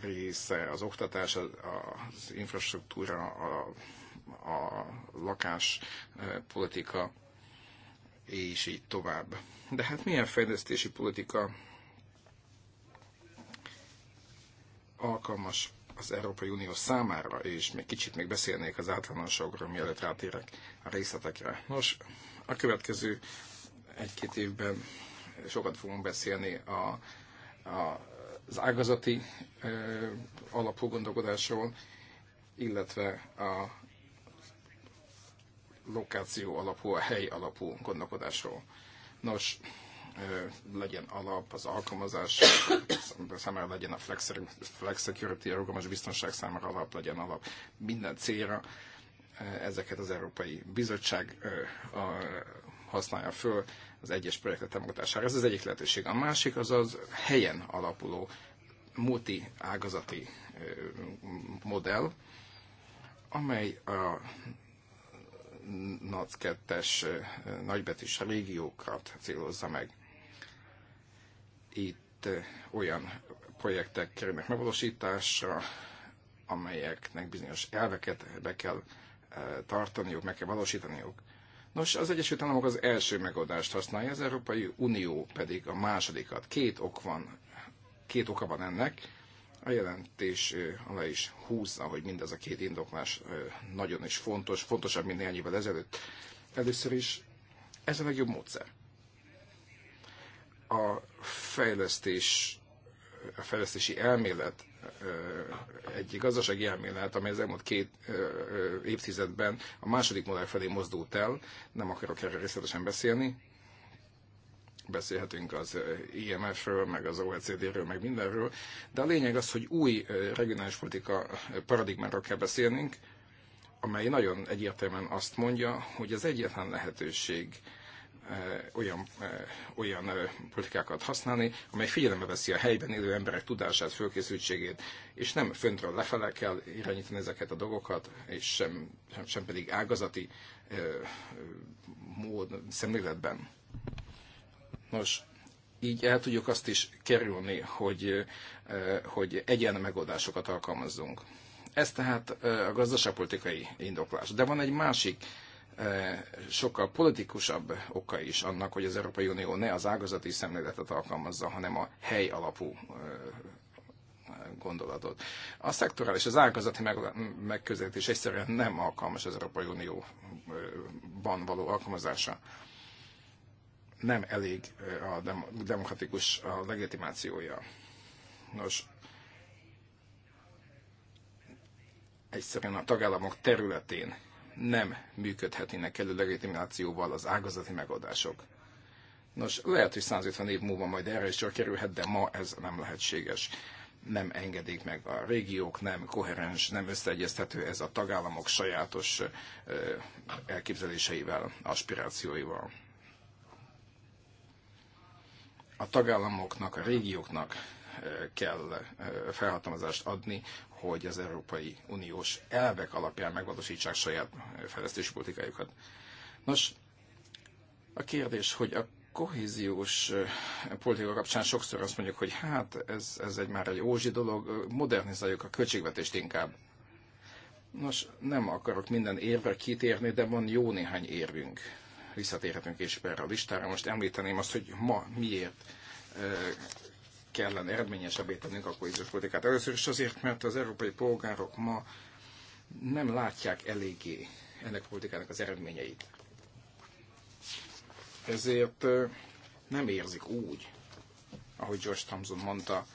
része az oktatás, az infrastruktúra, a, a lakáspolitika, és így tovább de hát milyen fejlesztési politika alkalmas az Európai Unió számára, és még kicsit még beszélnék az általánosságról, mielőtt rátérek a részletekre. Nos, a következő egy-két évben sokat fogunk beszélni a, a, az ágazati e, alapú gondolkodásról, illetve a lokáció alapú, a hely alapú gondolkodásról. Nos, legyen alap az alkalmazás, számára legyen a flex, flex security, a rugalmas biztonság számára alap, legyen alap minden célra. Ezeket az Európai Bizottság használja föl az egyes projektek támogatására. Ez az egyik lehetőség. A másik az az helyen alapuló multi ágazati modell, amely a NAC 2-es nagybetűs régiókat célozza meg. Itt olyan projektek kerülnek megvalósításra, amelyeknek bizonyos elveket be kell tartaniuk, meg kell valósítaniuk. Nos, az Egyesült Államok az első megoldást használja, az Európai Unió pedig a másodikat. Két ok van, két oka van ennek. A jelentés alá is húzza, hogy mindez a két indoklás nagyon is fontos, fontosabb, mint néhány évvel ezelőtt. Először is ez a legjobb módszer. A fejlesztés, a fejlesztési elmélet egy gazdasági elmélet, amely az elmúlt két évtizedben a második modell felé mozdult el, nem akarok erről részletesen beszélni, beszélhetünk az IMF-ről, meg az OECD-ről, meg mindenről, de a lényeg az, hogy új regionális politika paradigmáról kell beszélnünk, amely nagyon egyértelműen azt mondja, hogy az egyetlen lehetőség olyan, olyan politikákat használni, amely figyelembe veszi a helyben élő emberek tudását, fölkészültségét, és nem föntről lefele kell irányítani ezeket a dolgokat, és sem, sem pedig ágazati mód szemléletben. Nos, így el tudjuk azt is kerülni, hogy, hogy egyen megoldásokat alkalmazzunk. Ez tehát a gazdaságpolitikai indoklás. De van egy másik, sokkal politikusabb oka is annak, hogy az Európai Unió ne az ágazati szemléletet alkalmazza, hanem a hely alapú gondolatot. A szektorális, az ágazati megközelítés egyszerűen nem alkalmas az Európai Unióban való alkalmazása nem elég a demokratikus a legitimációja. Nos, egyszerűen a tagállamok területén nem működhetnének elő legitimációval az ágazati megoldások. Nos, lehet, hogy 150 év múlva majd erre is csak kerülhet, de ma ez nem lehetséges. Nem engedik meg a régiók, nem koherens, nem összeegyeztető ez a tagállamok sajátos elképzeléseivel, aspirációival a tagállamoknak, a régióknak eh, kell eh, felhatalmazást adni, hogy az Európai Uniós elvek alapján megvalósítsák saját eh, fejlesztési politikájukat. Nos, a kérdés, hogy a kohéziós politika kapcsán sokszor azt mondjuk, hogy hát ez, ez egy már egy ózsi dolog, modernizáljuk a költségvetést inkább. Nos, nem akarok minden érve kitérni, de van jó néhány érvünk visszatérhetünk később erre a listára. Most említeném azt, hogy ma miért kellene eredményesebbé tennünk a kohéziós politikát. Először is azért, mert az európai polgárok ma nem látják eléggé ennek a politikának az eredményeit. Ezért nem érzik úgy, ahogy George Thompson mondta,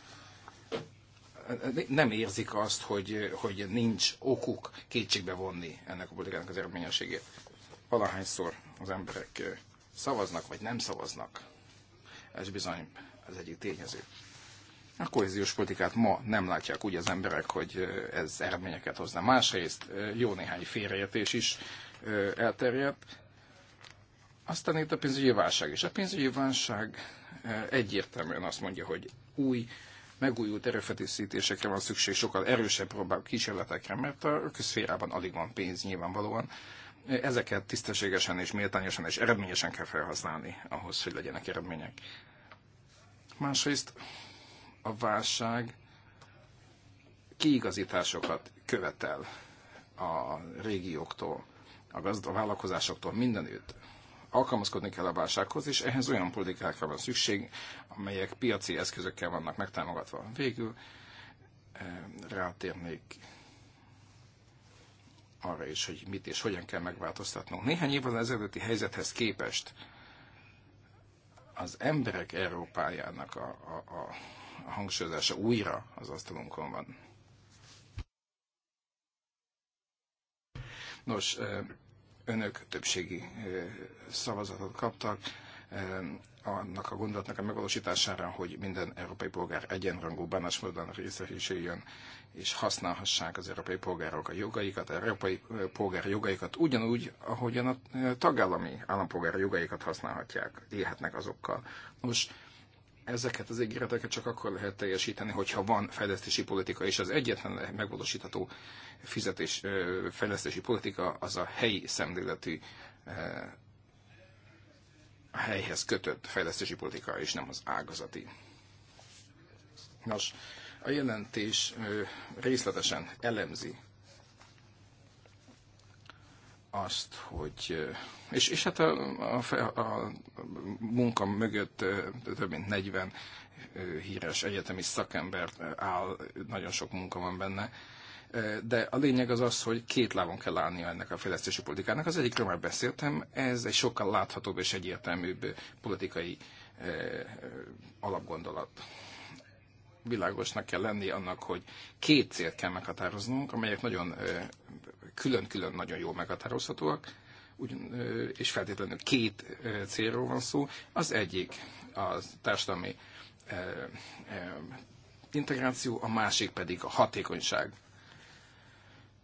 nem érzik azt, hogy, hogy nincs okuk kétségbe vonni ennek a politikának az eredményességét. Valahányszor az emberek szavaznak vagy nem szavaznak. Ez bizony az egyik tényező. A kohéziós politikát ma nem látják úgy az emberek, hogy ez eredményeket hozna. Másrészt jó néhány félreértés is elterjedt. Aztán itt a pénzügyi válság is. A pénzügyi válság egyértelműen azt mondja, hogy új, megújult erőfeszítésekre van szükség, sokkal erősebb próbál kísérletekre, mert a közszférában alig van pénz nyilvánvalóan Ezeket tisztességesen és méltányosan és eredményesen kell felhasználni ahhoz, hogy legyenek eredmények. Másrészt a válság kiigazításokat követel a régióktól, a, gazd- a vállalkozásoktól mindenütt. Alkalmazkodni kell a válsághoz, és ehhez olyan politikákra van szükség, amelyek piaci eszközökkel vannak megtámogatva. Végül eh, rátérnék arra is, hogy mit és hogyan kell megváltoztatnunk. Néhány évvel ezelőtti helyzethez képest az emberek Európájának a, a, a, a hangsúlyozása újra az asztalunkon van. Nos, önök többségi szavazatot kaptak annak a gondolatnak a megvalósítására, hogy minden európai polgár egyenrangú bánásmódon részesüljön és használhassák az európai polgárok a jogaikat, az európai polgár jogaikat, ugyanúgy, ahogyan a tagállami állampolgár jogaikat használhatják, élhetnek azokkal. Nos, ezeket az ígéreteket csak akkor lehet teljesíteni, hogyha van fejlesztési politika, és az egyetlen megvalósítható fizetés, fejlesztési politika az a helyi szemléletű a helyhez kötött fejlesztési politika, és nem az ágazati. Nos, a jelentés részletesen elemzi azt, hogy... És, és hát a, a, a munka mögött több mint 40 híres egyetemi szakember áll, nagyon sok munka van benne, de a lényeg az az, hogy két lábon kell állnia ennek a fejlesztési politikának. Az egyikről már beszéltem, ez egy sokkal láthatóbb és egyértelműbb politikai alapgondolat világosnak kell lenni annak, hogy két célt kell meghatároznunk, amelyek nagyon külön-külön nagyon jól meghatározhatóak, és feltétlenül két célról van szó. Az egyik a társadalmi integráció, a másik pedig a hatékonyság.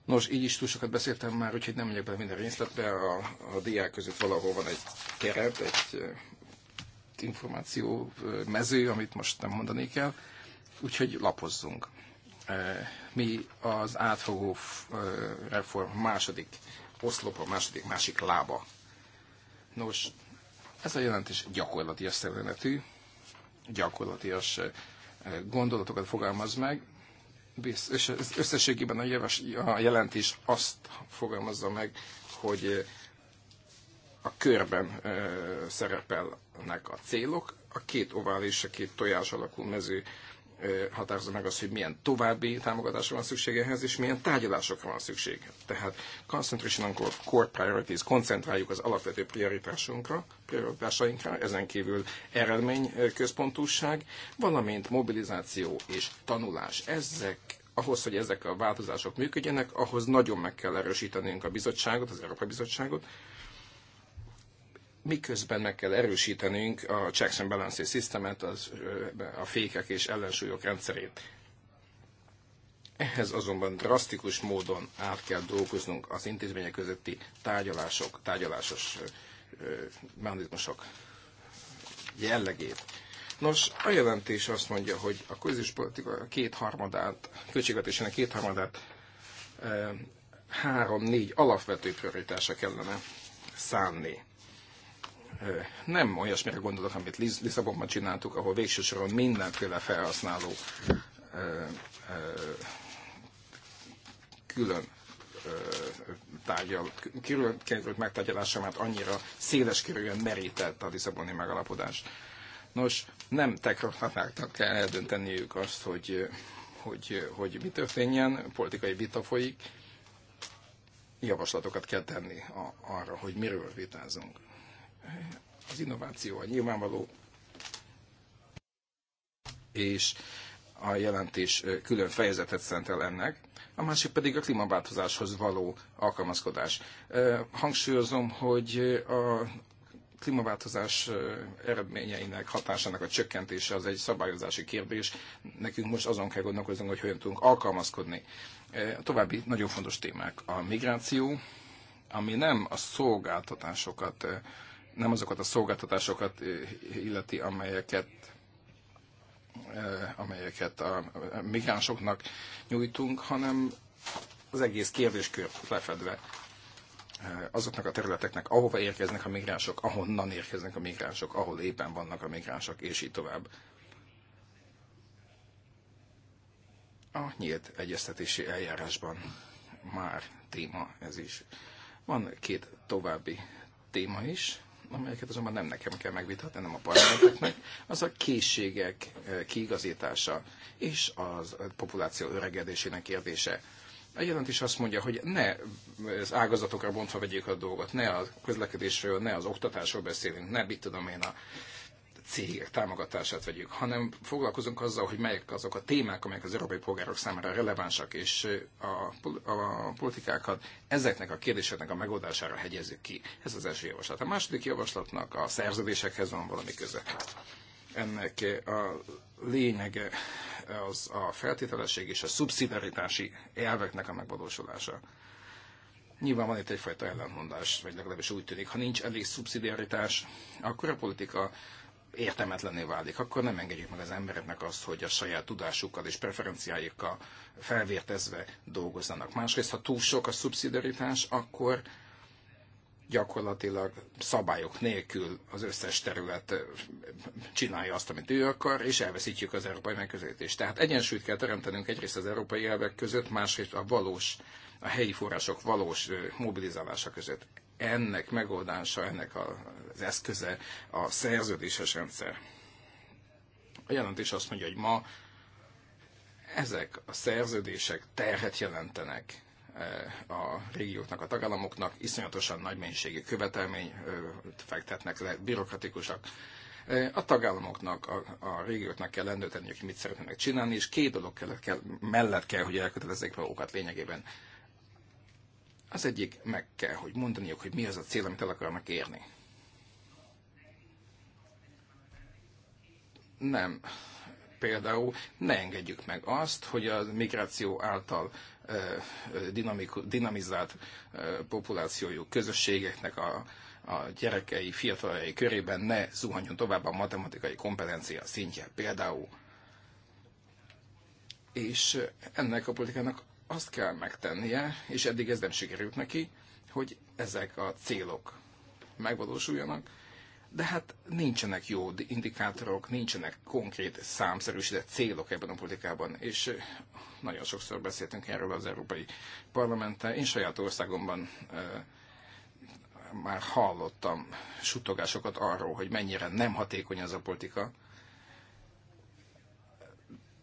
Nos, így is túl sokat beszéltem már, úgyhogy nem megyek bele minden részletbe. A, a diák között valahol van egy keret, egy információ mező, amit most nem mondanék el. Úgyhogy lapozzunk. Mi az átfogó reform második oszlopa, második, másik lába. Nos, ez a jelentés gyakorlatias területű, gyakorlatias gondolatokat fogalmaz meg, és összességében a jelentés azt fogalmazza meg, hogy a körben szerepelnek a célok, a két ovális, a két tojás alakú mező határozza meg azt, hogy milyen további támogatásra van szüksége ehhez, és milyen tárgyalásokra van szükség. Tehát concentration on core priorities, koncentráljuk az alapvető prioritásunkra, prioritásainkra, ezen kívül eredmény központúság, valamint mobilizáció és tanulás. Ezek ahhoz, hogy ezek a változások működjenek, ahhoz nagyon meg kell erősítenünk a bizottságot, az Európai Bizottságot, miközben meg kell erősítenünk a checks and balances systemet, az, a fékek és ellensúlyok rendszerét. Ehhez azonban drasztikus módon át kell dolgoznunk az intézmények közötti tárgyalások, tárgyalásos mechanizmusok jellegét. Nos, a jelentés azt mondja, hogy a közös politika kétharmadát, költségvetésének kétharmadát három-négy alapvető prioritása kellene szánni. Nem olyasmire gondolok, amit Lisszabonban csináltuk, ahol végső soron mindenféle felhasználó külön tárgyal, külön került megtárgyalásra, mert annyira széles körülön merített a Lisszaboni megalapodás. Nos, nem tekrohatáknak kell eldönteniük azt, hogy, hogy, hogy mi történjen, politikai vita folyik, javaslatokat kell tenni a, arra, hogy miről vitázunk az innováció a nyilvánvaló, és a jelentés külön fejezetet szentel ennek, a másik pedig a klímaváltozáshoz való alkalmazkodás. Hangsúlyozom, hogy a klímaváltozás eredményeinek, hatásának a csökkentése az egy szabályozási kérdés. Nekünk most azon kell gondolkoznunk, hogy hogyan tudunk alkalmazkodni. A további nagyon fontos témák a migráció, ami nem a szolgáltatásokat nem azokat a szolgáltatásokat eh, illeti, amelyeket eh, amelyeket a migránsoknak nyújtunk, hanem az egész kérdéskör lefedve eh, azoknak a területeknek, ahova érkeznek a migránsok, ahonnan érkeznek a migránsok, ahol éppen vannak a migránsok, és így tovább. A nyílt egyeztetési eljárásban már téma ez is. Van két további téma is, amelyeket azonban nem nekem kell megvitatni, nem a parlamenteknek, az a készségek eh, kiigazítása és az eh, populáció öregedésének kérdése. A is azt mondja, hogy ne eh, az ágazatokra bontva vegyék a dolgot, ne a közlekedésről, ne az oktatásról beszélünk, ne mit tudom én a cégek támogatását vegyük, hanem foglalkozunk azzal, hogy melyek azok a témák, amelyek az európai polgárok számára relevánsak, és a, a politikákat ezeknek a kérdéseknek a megoldására hegyezzük ki. Ez az első javaslat. A második javaslatnak a szerződésekhez van valami köze. Ennek a lényege az a feltételesség és a szubszidaritási elveknek a megvalósulása. Nyilván van itt egyfajta ellentmondás, vagy legalábbis úgy tűnik, ha nincs elég szubszidiaritás, akkor a politika értelmetlenné válik, akkor nem engedjük meg az embereknek azt, hogy a saját tudásukkal és preferenciáikkal felvértezve dolgozzanak. Másrészt, ha túl sok a szubszidaritás, akkor gyakorlatilag szabályok nélkül az összes terület csinálja azt, amit ő akar, és elveszítjük az európai megközelítést. Tehát egyensúlyt kell teremtenünk egyrészt az európai elvek között, másrészt a valós, a helyi források valós mobilizálása között ennek megoldása, ennek az eszköze a szerződéses rendszer. A jelentés azt mondja, hogy ma ezek a szerződések terhet jelentenek eh, a régióknak, a tagállamoknak, iszonyatosan nagy mennyiségű követelmény eh, fektetnek le, bürokratikusak. Eh, a tagállamoknak, a, a régióknak kell lendőteni, hogy mit szeretnének csinálni, és két dolog kell, kell, mellett kell, hogy elkötelezzék magukat lényegében. Az egyik meg kell, hogy mondaniuk, hogy mi az a cél, amit el akarnak érni. Nem. Például ne engedjük meg azt, hogy a migráció által dinamizált populációjú közösségeknek a, a gyerekei, fiataljai körében ne zuhanjon tovább a matematikai kompetencia szintje például. És ennek a politikának azt kell megtennie, és eddig ez nem sikerült neki, hogy ezek a célok megvalósuljanak, de hát nincsenek jó indikátorok, nincsenek konkrét számszerűsített célok ebben a politikában, és eh, nagyon sokszor beszéltünk erről az Európai Parlamenttel. Én saját országomban eh, már hallottam suttogásokat arról, hogy mennyire nem hatékony az a politika,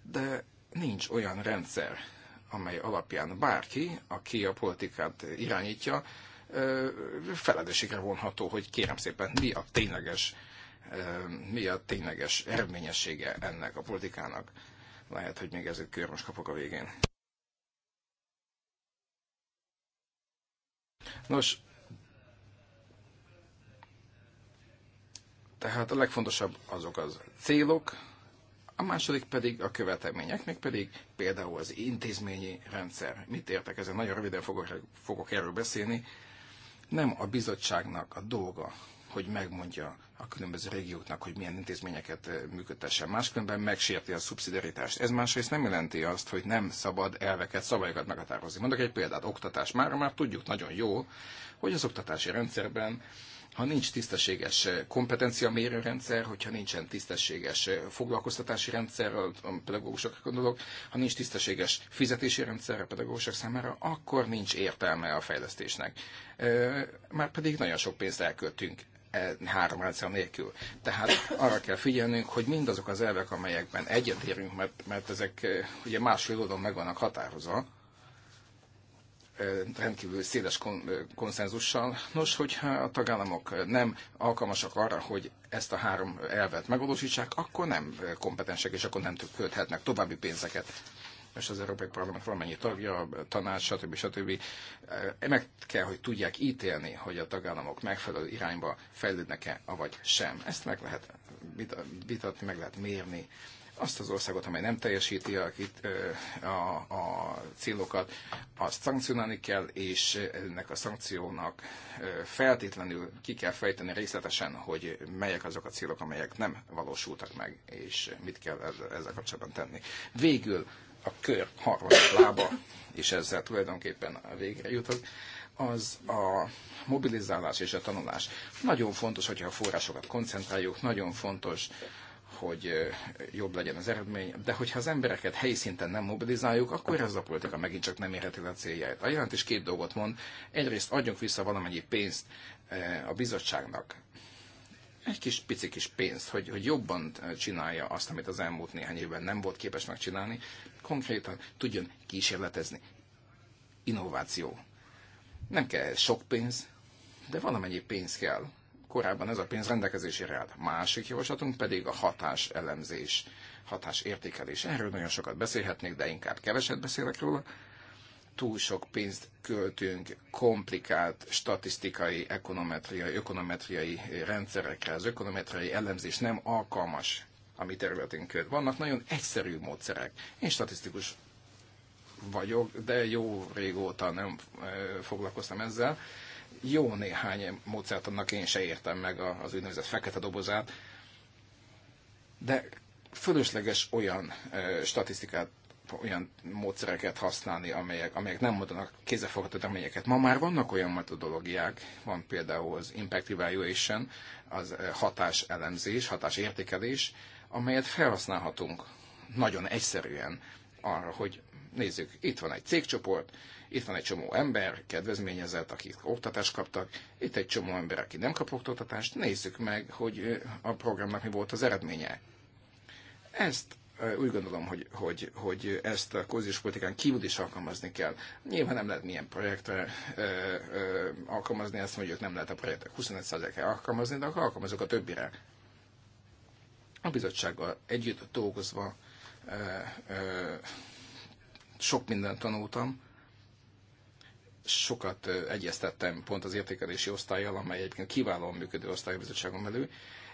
de nincs olyan rendszer, amely alapján bárki, aki a politikát irányítja, felelősségre vonható, hogy kérem szépen, mi a tényleges, mi a tényleges eredményessége ennek a politikának. Lehet, hogy még ezért körmös kapok a végén. Nos, tehát a legfontosabb azok az célok, a második pedig a követelmények, még pedig például az intézményi rendszer. Mit értek ezen? Nagyon röviden fogok, fogok erről beszélni. Nem a bizottságnak a dolga, hogy megmondja a különböző régióknak, hogy milyen intézményeket eh, működtessen. Máskülönben megsérti a szubszidiaritást. Ez másrészt nem jelenti azt, hogy nem szabad elveket, szabályokat meghatározni. Mondok egy példát, oktatás. már, már tudjuk nagyon jó, hogy az oktatási rendszerben ha nincs tisztességes eh, kompetencia rendszer, hogyha nincsen tisztességes eh, foglalkoztatási rendszer, a pedagógusokra gondolok, ha nincs tisztességes fizetési rendszer a pedagógusok számára, akkor nincs értelme a fejlesztésnek. Eh, már pedig nagyon sok pénzt elköltünk e három rendszer nélkül. Tehát arra kell figyelnünk, hogy mindazok az elvek, amelyekben egyetérünk, mert, mert ezek ugye másfél oldalon meg vannak határozva, rendkívül széles kon- konszenzussal. Nos, hogyha a tagállamok nem alkalmasak arra, hogy ezt a három elvet megvalósítsák, akkor nem kompetensek, és akkor nem költhetnek további pénzeket és az Európai Parlament valamennyi tagja, tanács, stb. stb. Meg kell, hogy tudják ítélni, hogy a tagállamok megfelelő irányba fejlődnek-e, avagy sem. Ezt meg lehet vitatni, meg lehet mérni azt az országot, amely nem teljesíti a, a, a célokat, azt szankcionálni kell, és ennek a szankciónak feltétlenül ki kell fejteni részletesen, hogy melyek azok a célok, amelyek nem valósultak meg, és mit kell ezzel kapcsolatban tenni. Végül a kör harmadik lába, és ezzel tulajdonképpen végre jutok, az a mobilizálás és a tanulás. Nagyon fontos, hogyha a forrásokat koncentráljuk, nagyon fontos, hogy jobb legyen az eredmény, de hogyha az embereket helyi szinten nem mobilizáljuk, akkor ez a politika megint csak nem érheti a célját. A jelentés két dolgot mond. Egyrészt adjunk vissza valamennyi pénzt a bizottságnak, egy kis pici kis pénzt, hogy, hogy jobban csinálja azt, amit az elmúlt néhány évben nem volt képes megcsinálni, konkrétan tudjon kísérletezni. Innováció. Nem kell sok pénz, de valamennyi pénz kell korábban ez a pénz rendelkezésére állt. Másik javaslatunk pedig a hatás elemzés, hatás értékelés. Erről nagyon sokat beszélhetnék, de inkább keveset beszélek róla. Túl sok pénzt költünk komplikált statisztikai, ekonometriai, ökonometriai rendszerekre. Az ökonometriai elemzés nem alkalmas a mi területünkön. Vannak nagyon egyszerű módszerek. Én statisztikus vagyok, de jó régóta nem foglalkoztam ezzel jó néhány módszert annak én se értem meg az úgynevezett fekete dobozát, de fölösleges olyan ö, statisztikát, olyan módszereket használni, amelyek, amelyek nem mondanak kézzelfogható eredményeket. Ma már vannak olyan metodológiák, van például az Impact Evaluation, az hatás elemzés, hatás értékelés, amelyet felhasználhatunk nagyon egyszerűen arra, hogy nézzük, itt van egy cégcsoport, itt van egy csomó ember, kedvezményezett, akik oktatást kaptak, itt egy csomó ember, aki nem kap oktatást. Nézzük meg, hogy a programnak mi volt az eredménye. Ezt úgy gondolom, hogy, hogy, hogy ezt a kózis politikán kívül is alkalmazni kell. Nyilván nem lehet milyen projektre ö, ö, alkalmazni, ezt mondjuk nem lehet a projektek 25%-ra alkalmazni, de akkor alkalmazok a többire. A bizottsággal együtt dolgozva ö, ö, sok mindent tanultam, sokat egyeztettem pont az értékelési osztályjal, amely egyébként kiválóan működő osztálybizottságon belül.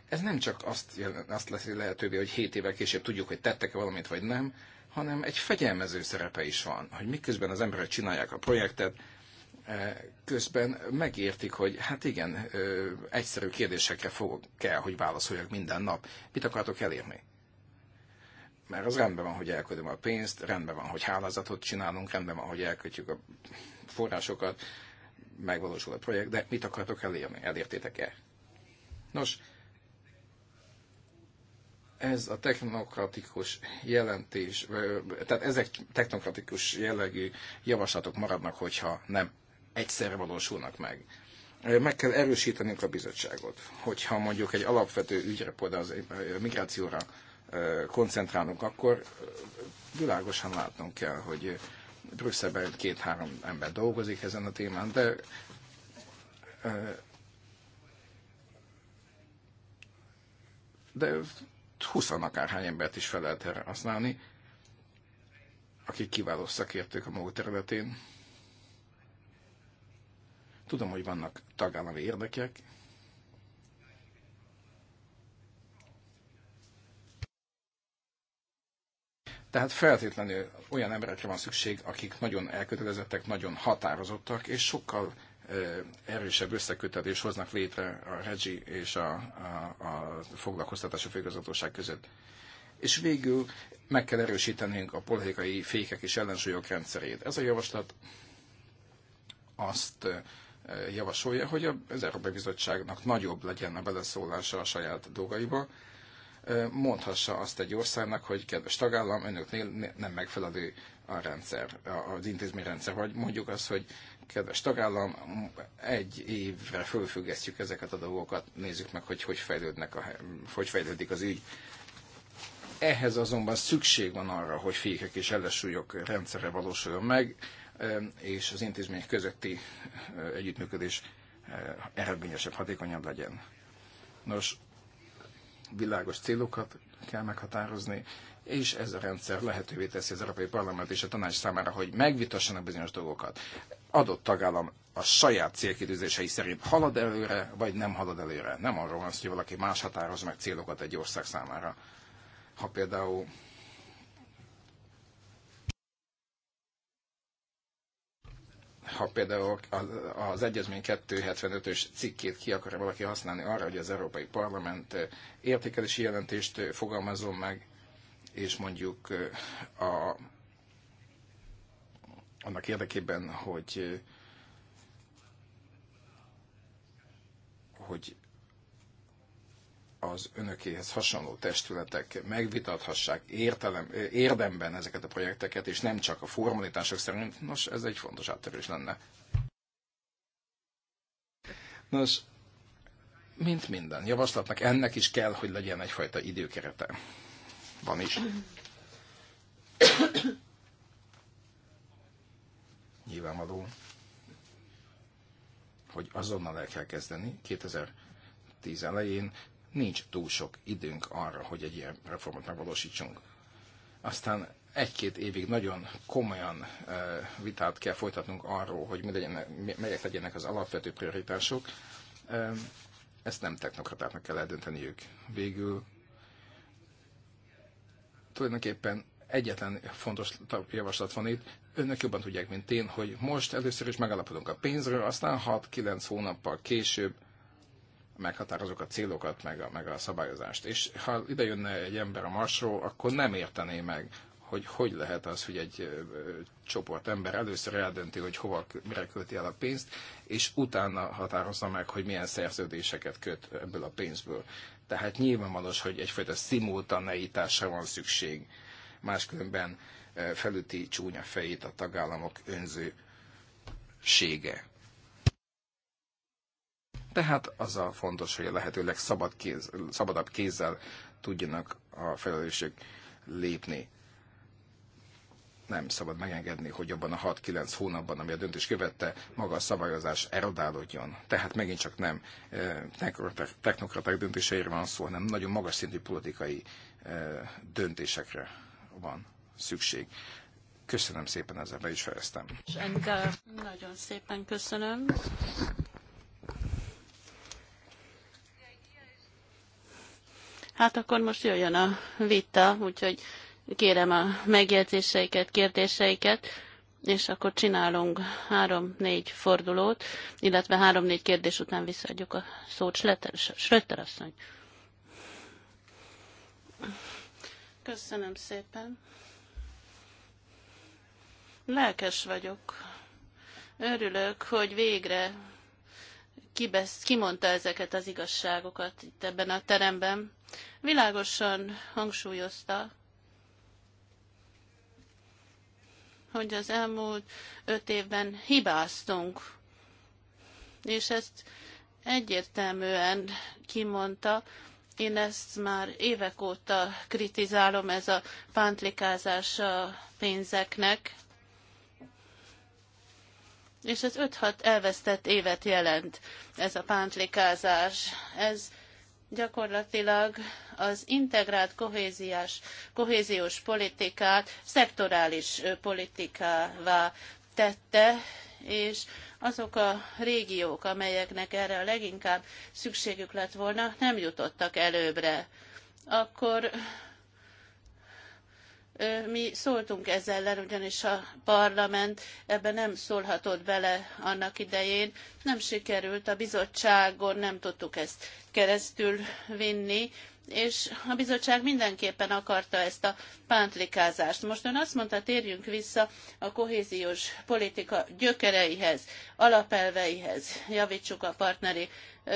Ez nem csak azt, azt lesz lehetővé, hogy 7 évvel később tudjuk, hogy tettek-e valamit, vagy nem, hanem egy fegyelmező szerepe is van, hogy miközben az emberek csinálják a projektet, közben megértik, hogy hát igen, egyszerű kérdésekre fogok, kell, hogy válaszoljak minden nap. Mit akartok elérni? mert az rendben van, hogy elködöm a pénzt, rendben van, hogy hálázatot csinálunk, rendben van, hogy elkötjük a forrásokat, megvalósul a projekt, de mit akartok elérni? Elértétek-e? Nos, ez a technokratikus jelentés, tehát ezek technokratikus jellegű javaslatok maradnak, hogyha nem egyszer valósulnak meg. Meg kell erősítenünk a bizottságot, hogyha mondjuk egy alapvető ügyre, például az migrációra koncentrálunk, akkor világosan látnunk kell, hogy Brüsszelben két-három ember dolgozik ezen a témán, de de 20 akárhány embert is fel lehet erre használni, akik kiváló szakértők a maguk területén. Tudom, hogy vannak tagállami érdekek, Tehát feltétlenül olyan emberekre van szükség, akik nagyon elkötelezettek, nagyon határozottak, és sokkal erősebb összekötetés hoznak létre a Regi és a, a, a foglalkoztatási főigazgatóság között. És végül meg kell erősítenünk a politikai fékek és ellensúlyok rendszerét. Ez a javaslat azt javasolja, hogy az Európai Bizottságnak nagyobb legyen a beleszólása a saját dolgaiba, mondhassa azt egy országnak, hogy kedves tagállam, önöknél nem megfelelő a rendszer, az intézményrendszer, vagy mondjuk azt, hogy kedves tagállam, egy évre fölfüggesztjük ezeket a dolgokat, nézzük meg, hogy hogy, fejlődnek a, hogy fejlődik az ügy. Ehhez azonban szükség van arra, hogy fékek és ellensúlyok rendszere valósuljon meg, és az intézmény közötti együttműködés eredményesebb, hatékonyabb legyen. Nos, világos célokat kell meghatározni, és ez a rendszer lehetővé teszi az Európai Parlament és a Tanács számára, hogy megvitassanak bizonyos dolgokat. Adott tagállam a saját célkidőzései szerint halad előre, vagy nem halad előre. Nem arról van szó, hogy valaki más határoz meg célokat egy ország számára. Ha például ha például az egyezmény 275-ös cikkét ki akarja valaki használni arra, hogy az Európai Parlament eh, értékelési jelentést eh, fogalmazom meg, és mondjuk eh, a, annak érdekében, hogy hogy az önökéhez hasonló testületek megvitathassák értelem, érdemben ezeket a projekteket, és nem csak a formalitások szerint, nos, ez egy fontos áttörés lenne. Nos, mint minden javaslatnak, ennek is kell, hogy legyen egyfajta időkerete. Van is. Nyilvánvaló, hogy azonnal el kell kezdeni 2010 elején nincs túl sok időnk arra, hogy egy ilyen reformot megvalósítsunk. Aztán egy-két évig nagyon komolyan vitát kell folytatnunk arról, hogy mi legyen, melyek legyenek az alapvető prioritások. Ezt nem technokratáknak kell eldönteniük. Végül tulajdonképpen egyetlen fontos javaslat van itt, önök jobban tudják, mint én, hogy most először is megállapodunk a pénzről, aztán 6-9 hónappal később meghatározok a célokat, meg a, meg a szabályozást. És ha ide jönne egy ember a Marsról, akkor nem értené meg, hogy hogy lehet az, hogy egy csoport ember először eldönti, hogy hova, mire költi el a pénzt, és utána határozza meg, hogy milyen szerződéseket köt ebből a pénzből. Tehát nyilvánvalós, hogy egyfajta szimultaneitásra van szükség. Máskülönben felüti csúnya fejét a tagállamok önzősége. Tehát az a fontos, hogy a lehetőleg szabad kéz, szabadabb kézzel tudjanak a felelősség lépni. Nem szabad megengedni, hogy abban a 6-9 hónapban, ami a döntés követte, maga a szabályozás erodálódjon. Tehát megint csak nem eh, technokraták döntéseire van szó, hanem nagyon magas szintű politikai eh, döntésekre van szükség. Köszönöm szépen, ezzel be is fejeztem. Nagyon szépen köszönöm. Hát akkor most jöjjön a vita, úgyhogy kérem a megjegyzéseiket, kérdéseiket, és akkor csinálunk három-négy fordulót, illetve három-négy kérdés után visszaadjuk a szót Schröter, asszony. Köszönöm szépen. Lelkes vagyok. Örülök, hogy végre kibesz, kimondta ezeket az igazságokat itt ebben a teremben. Világosan hangsúlyozta, hogy az elmúlt öt évben hibáztunk, és ezt egyértelműen kimondta, én ezt már évek óta kritizálom, ez a pántlikázás a pénzeknek, és ez 5-6 elvesztett évet jelent ez a pántlikázás. Ez gyakorlatilag az integrált kohéziás, kohéziós politikát szektorális politikává tette, és azok a régiók, amelyeknek erre a leginkább szükségük lett volna, nem jutottak előbbre. Akkor mi szóltunk ezzel ellen, ugyanis a parlament ebben nem szólhatott bele annak idején. Nem sikerült, a bizottságon nem tudtuk ezt keresztül vinni, és a bizottság mindenképpen akarta ezt a pántlikázást. Most ön azt mondta, térjünk vissza a kohéziós politika gyökereihez, alapelveihez, javítsuk a partneri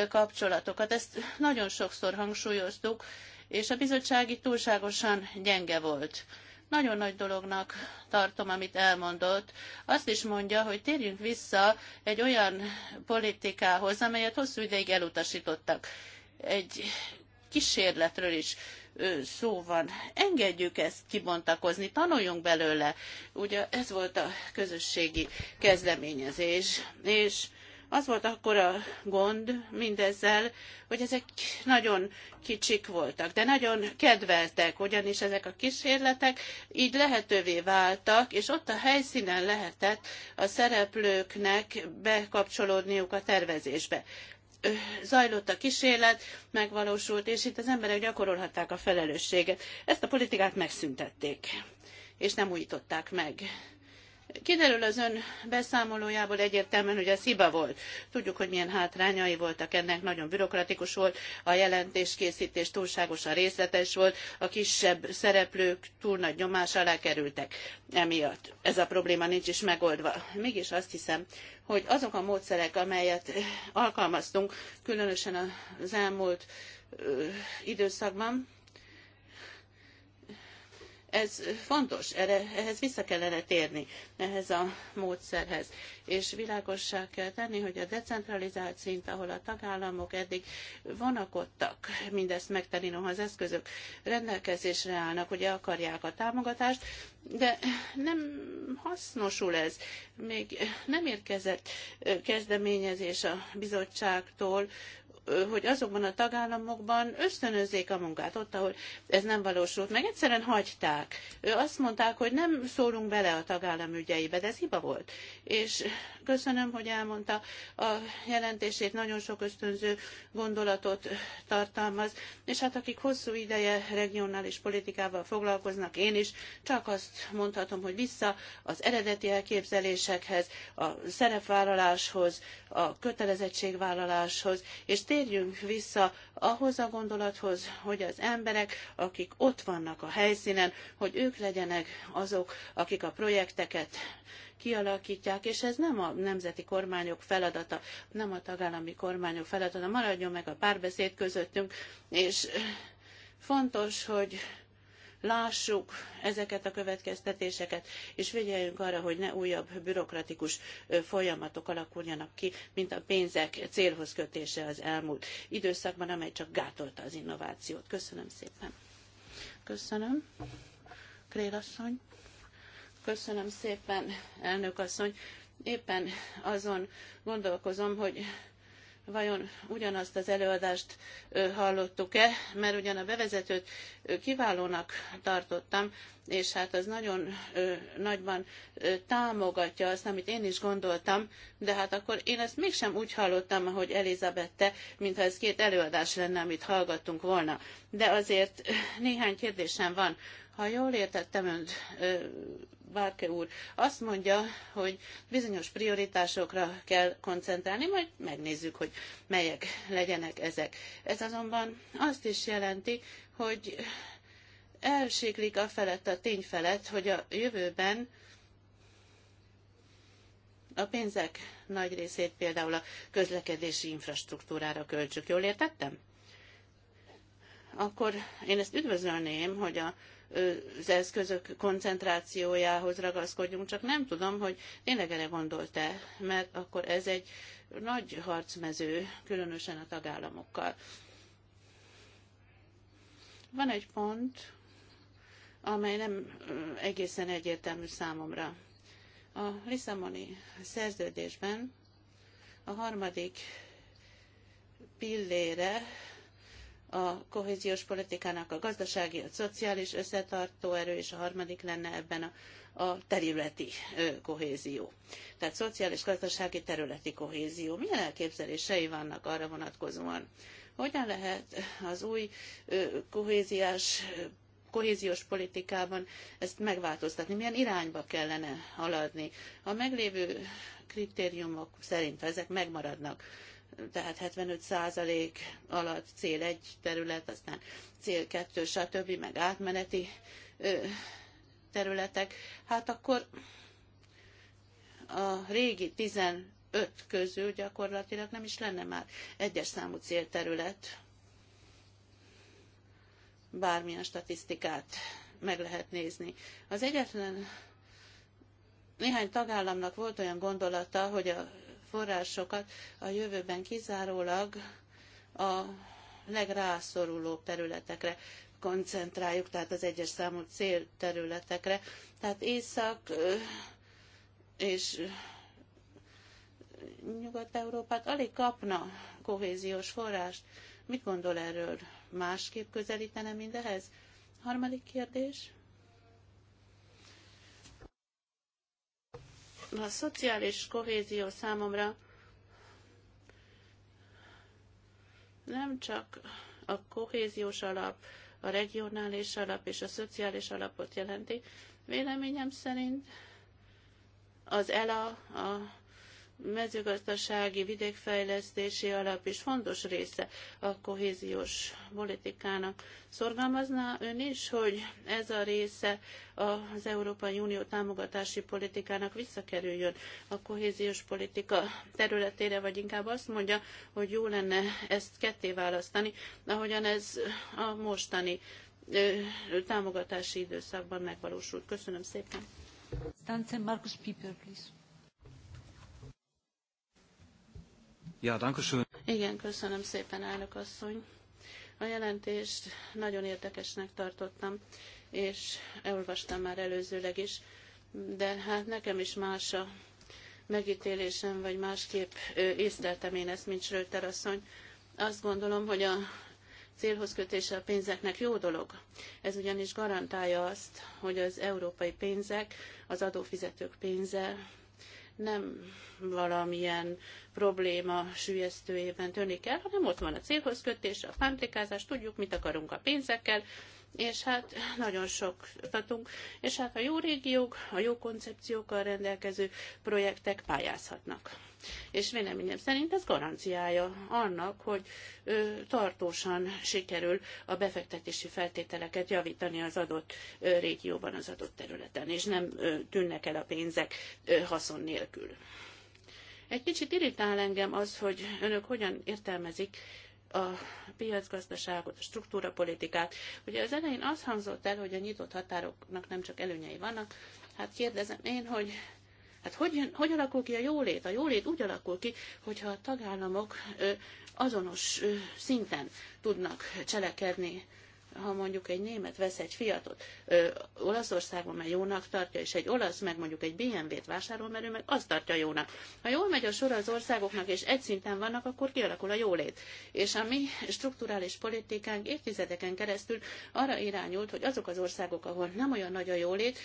kapcsolatokat. Ezt nagyon sokszor hangsúlyoztuk, és a bizottság itt túlságosan gyenge volt nagyon nagy dolognak tartom, amit elmondott. Azt is mondja, hogy térjünk vissza egy olyan politikához, amelyet hosszú ideig elutasítottak. Egy kísérletről is szó van. Engedjük ezt kibontakozni, tanuljunk belőle. Ugye ez volt a közösségi kezdeményezés, és az volt akkor a gond mindezzel, hogy ezek nagyon kicsik voltak, de nagyon kedveltek, ugyanis ezek a kísérletek így lehetővé váltak, és ott a helyszínen lehetett a szereplőknek bekapcsolódniuk a tervezésbe zajlott a kísérlet, megvalósult, és itt az emberek gyakorolhatták a felelősséget. Ezt a politikát megszüntették, és nem újították meg. Kiderül az ön beszámolójából egyértelműen, hogy ez hiba volt. Tudjuk, hogy milyen hátrányai voltak ennek, nagyon bürokratikus volt, a jelentéskészítés túlságosan részletes volt, a kisebb szereplők túl nagy nyomás alá kerültek. Emiatt ez a probléma nincs is megoldva. Mégis azt hiszem, hogy azok a módszerek, amelyet alkalmaztunk, különösen az elmúlt ö, időszakban, ez fontos, erre, ehhez vissza kellene térni, ehhez a módszerhez. És világossá kell tenni, hogy a decentralizált szint, ahol a tagállamok eddig vonakodtak mindezt megtenni, noha az eszközök rendelkezésre állnak, hogy akarják a támogatást, de nem hasznosul ez. Még nem érkezett kezdeményezés a bizottságtól, hogy azokban a tagállamokban ösztönözzék a munkát, ott, ahol ez nem valósult meg, egyszerűen hagyták. Azt mondták, hogy nem szólunk bele a tagállam ügyeibe, de ez hiba volt. És Köszönöm, hogy elmondta a jelentését, nagyon sok ösztönző gondolatot tartalmaz, és hát akik hosszú ideje regionális politikával foglalkoznak, én is csak azt mondhatom, hogy vissza az eredeti elképzelésekhez, a szerepvállaláshoz, a kötelezettségvállaláshoz, és térjünk vissza ahhoz a gondolathoz, hogy az emberek, akik ott vannak a helyszínen, hogy ők legyenek azok, akik a projekteket kialakítják, és ez nem a nemzeti kormányok feladata, nem a tagállami kormányok feladata. Maradjon meg a párbeszéd közöttünk, és fontos, hogy lássuk ezeket a következtetéseket, és figyeljünk arra, hogy ne újabb bürokratikus folyamatok alakuljanak ki, mint a pénzek célhoz kötése az elmúlt időszakban, amely csak gátolta az innovációt. Köszönöm szépen. Köszönöm. Krélasszony. Köszönöm szépen, elnök asszony. Éppen azon gondolkozom, hogy vajon ugyanazt az előadást hallottuk-e, mert ugyan a bevezetőt kiválónak tartottam, és hát az nagyon nagyban támogatja azt, amit én is gondoltam, de hát akkor én ezt mégsem úgy hallottam, ahogy Elizabette, mintha ez két előadás lenne, amit hallgattunk volna. De azért néhány kérdésem van ha jól értettem önt, Bárke úr, azt mondja, hogy bizonyos prioritásokra kell koncentrálni, majd megnézzük, hogy melyek legyenek ezek. Ez azonban azt is jelenti, hogy elsiklik a felett, a tény felett, hogy a jövőben a pénzek nagy részét például a közlekedési infrastruktúrára költsük. Jól értettem? Akkor én ezt üdvözölném, hogy a az eszközök koncentrációjához ragaszkodjunk, csak nem tudom, hogy tényleg erre gondolt-e, mert akkor ez egy nagy harcmező, különösen a tagállamokkal. Van egy pont, amely nem egészen egyértelmű számomra. A Lisszaboni szerződésben a harmadik pillére a kohéziós politikának a gazdasági, a szociális összetartó erő, és a harmadik lenne ebben a, a területi kohézió. Tehát szociális, gazdasági, területi kohézió. Milyen elképzelései vannak arra vonatkozóan? Hogyan lehet az új kohéziás kohéziós politikában ezt megváltoztatni, milyen irányba kellene haladni. A meglévő kritériumok szerint ezek megmaradnak tehát 75% alatt cél egy terület, aztán cél kettő, stb., meg átmeneti területek, hát akkor a régi 15 közül gyakorlatilag nem is lenne már egyes számú célterület. Bármilyen statisztikát meg lehet nézni. Az egyetlen néhány tagállamnak volt olyan gondolata, hogy a forrásokat a jövőben kizárólag a legrászoruló területekre koncentráljuk, tehát az egyes számú célterületekre. Tehát észak és Nyugat-Európát alig kapna kohéziós forrást. Mit gondol erről? Másképp közelítene mindehez? Harmadik kérdés. A szociális kohézió számomra nem csak a kohéziós alap, a regionális alap és a szociális alapot jelenti. Véleményem szerint az ELA, a mezőgazdasági, vidékfejlesztési alap is fontos része a kohéziós politikának. Szorgalmazná ön is, hogy ez a része az Európai Unió támogatási politikának visszakerüljön a kohéziós politika területére, vagy inkább azt mondja, hogy jó lenne ezt ketté választani, ahogyan ez a mostani támogatási időszakban megvalósult. Köszönöm szépen. Stance Markus Pieper, please. Ja, dankeschön. Igen, köszönöm szépen, elnök asszony. A jelentést nagyon érdekesnek tartottam, és elolvastam már előzőleg is, de hát nekem is más a megítélésem, vagy másképp észleltem én ezt, mint Schröter asszony. Azt gondolom, hogy a célhoz kötése a pénzeknek jó dolog. Ez ugyanis garantálja azt, hogy az európai pénzek, az adófizetők pénze nem valamilyen probléma sülyeztőjében tűnik el, hanem ott van a célhoz kötés, a pántlikázás, tudjuk, mit akarunk a pénzekkel, és hát nagyon sok tatunk, és hát a jó régiók, a jó koncepciókkal rendelkező projektek pályázhatnak. És véleményem szerint ez garanciája annak, hogy ö, tartósan sikerül a befektetési feltételeket javítani az adott ö, régióban, az adott területen, és nem ö, tűnnek el a pénzek ö, haszon nélkül. Egy kicsit irritál engem az, hogy önök hogyan értelmezik a piacgazdaságot, a struktúrapolitikát. Ugye az elején az hangzott el, hogy a nyitott határoknak nem csak előnyei vannak. Hát kérdezem én, hogy Hát hogy, hogy alakul ki a jólét? A jólét úgy alakul ki, hogyha a tagállamok azonos szinten tudnak cselekedni ha mondjuk egy német vesz egy fiatot ö, Olaszországban, mert jónak tartja, és egy olasz meg mondjuk egy BMW-t vásárol, mert ő meg azt tartja jónak. Ha jól megy a sor az országoknak, és egy szinten vannak, akkor kialakul a jólét. És a mi strukturális politikánk évtizedeken keresztül arra irányult, hogy azok az országok, ahol nem olyan nagy a jólét,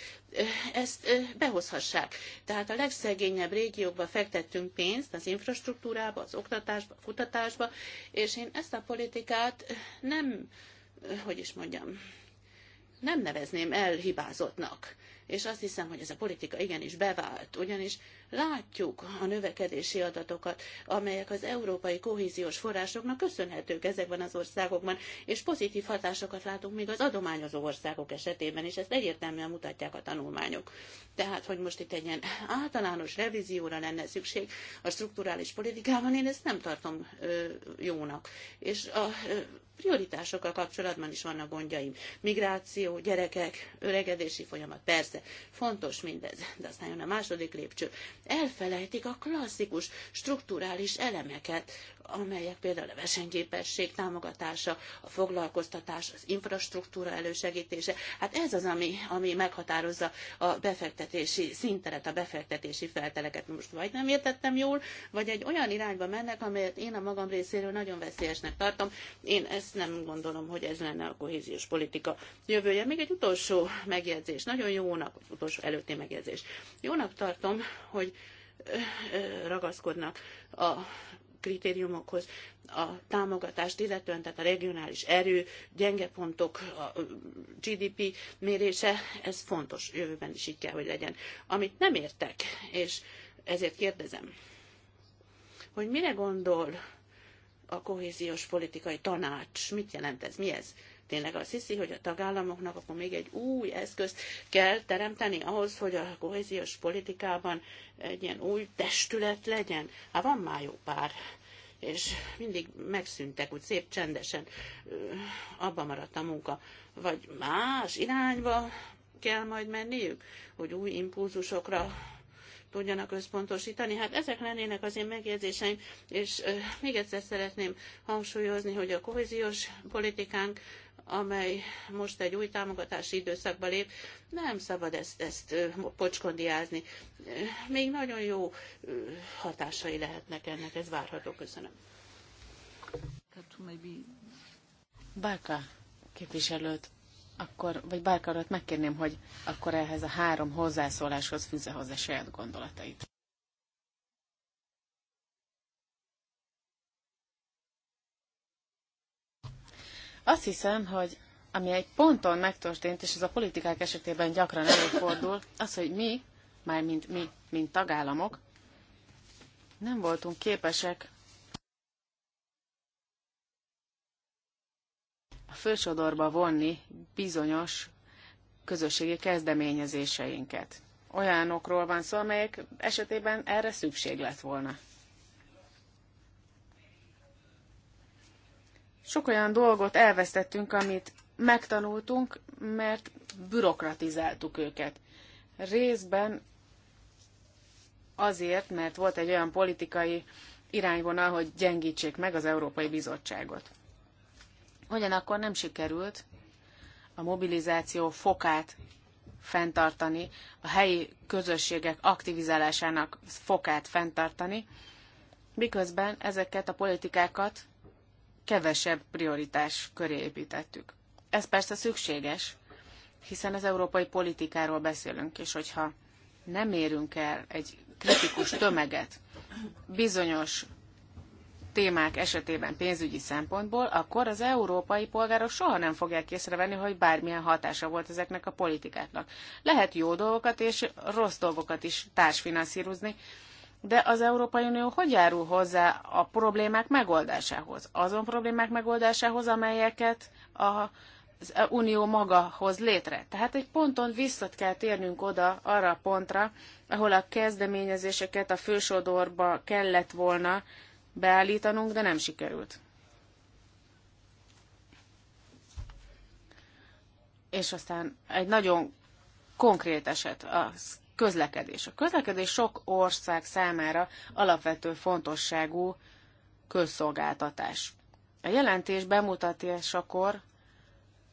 ezt behozhassák. Tehát a legszegényebb régiókba fektettünk pénzt, az infrastruktúrába, az oktatásba, a kutatásba, és én ezt a politikát nem hogy is mondjam, nem nevezném elhibázottnak. És azt hiszem, hogy ez a politika igenis bevált, ugyanis Látjuk a növekedési adatokat, amelyek az európai kohéziós forrásoknak köszönhetők ezekben az országokban, és pozitív hatásokat látunk még az adományozó országok esetében, és ezt egyértelműen mutatják a tanulmányok. Tehát, hogy most itt egy ilyen általános revízióra lenne szükség a strukturális politikában, én ezt nem tartom ö, jónak. És a ö, prioritásokkal kapcsolatban is vannak gondjaim. Migráció, gyerekek, öregedési folyamat, persze, fontos mindez, de aztán jön a második lépcső, elfelejtik a klasszikus strukturális elemeket, amelyek például a versenyképesség támogatása, a foglalkoztatás, az infrastruktúra elősegítése. Hát ez az, ami, ami meghatározza a befektetési szinteret, a befektetési felteleket. Most vagy nem értettem jól, vagy egy olyan irányba mennek, amelyet én a magam részéről nagyon veszélyesnek tartom. Én ezt nem gondolom, hogy ez lenne a kohéziós politika jövője. Még egy utolsó megjegyzés, nagyon jónak, utolsó előtti megjegyzés. Jónak tartom, hogy ragaszkodnak a kritériumokhoz a támogatást illetően, tehát a regionális erő, gyenge pontok, a GDP mérése, ez fontos jövőben is így kell, hogy legyen. Amit nem értek, és ezért kérdezem, hogy mire gondol a kohéziós politikai tanács, mit jelent ez, mi ez? tényleg azt hiszi, hogy a tagállamoknak akkor még egy új eszközt kell teremteni ahhoz, hogy a kohéziós politikában egy ilyen új testület legyen. Hát van már jó pár és mindig megszűntek úgy szép csendesen, abba maradt a munka, vagy más irányba kell majd menniük, hogy új impulzusokra tudjanak összpontosítani. Hát ezek lennének az én megjegyzéseim, és még egyszer szeretném hangsúlyozni, hogy a kohéziós politikánk amely most egy új támogatási időszakba lép, nem szabad ezt, ezt pocskondiázni. Még nagyon jó hatásai lehetnek ennek, ez várható. Köszönöm. Bárka képviselőt, akkor, vagy Bárka urat megkérném, hogy akkor ehhez a három hozzászóláshoz fűzze hozzá saját gondolatait. Azt hiszem, hogy ami egy ponton megtörtént, és ez a politikák esetében gyakran előfordul, az, hogy mi, már mint mi, mint tagállamok, nem voltunk képesek a fősodorba vonni bizonyos közösségi kezdeményezéseinket. Olyanokról van szó, amelyek esetében erre szükség lett volna. Sok olyan dolgot elvesztettünk, amit megtanultunk, mert bürokratizáltuk őket. Részben azért, mert volt egy olyan politikai irányvonal, hogy gyengítsék meg az Európai Bizottságot. Ugyanakkor nem sikerült a mobilizáció fokát fenntartani, a helyi közösségek aktivizálásának fokát fenntartani, miközben ezeket a politikákat kevesebb prioritás köré építettük. Ez persze szükséges, hiszen az európai politikáról beszélünk, és hogyha nem érünk el egy kritikus tömeget bizonyos témák esetében pénzügyi szempontból, akkor az európai polgárok soha nem fogják észrevenni, hogy bármilyen hatása volt ezeknek a politikáknak. Lehet jó dolgokat és rossz dolgokat is társfinanszírozni, de az Európai Unió hogy járul hozzá a problémák megoldásához? Azon problémák megoldásához, amelyeket a, az Unió maga hoz létre. Tehát egy ponton visszat kell térnünk oda, arra a pontra, ahol a kezdeményezéseket a fősodorba kellett volna beállítanunk, de nem sikerült. És aztán egy nagyon konkrét eset, az közlekedés. A közlekedés sok ország számára alapvető fontosságú közszolgáltatás. A jelentés bemutatásakor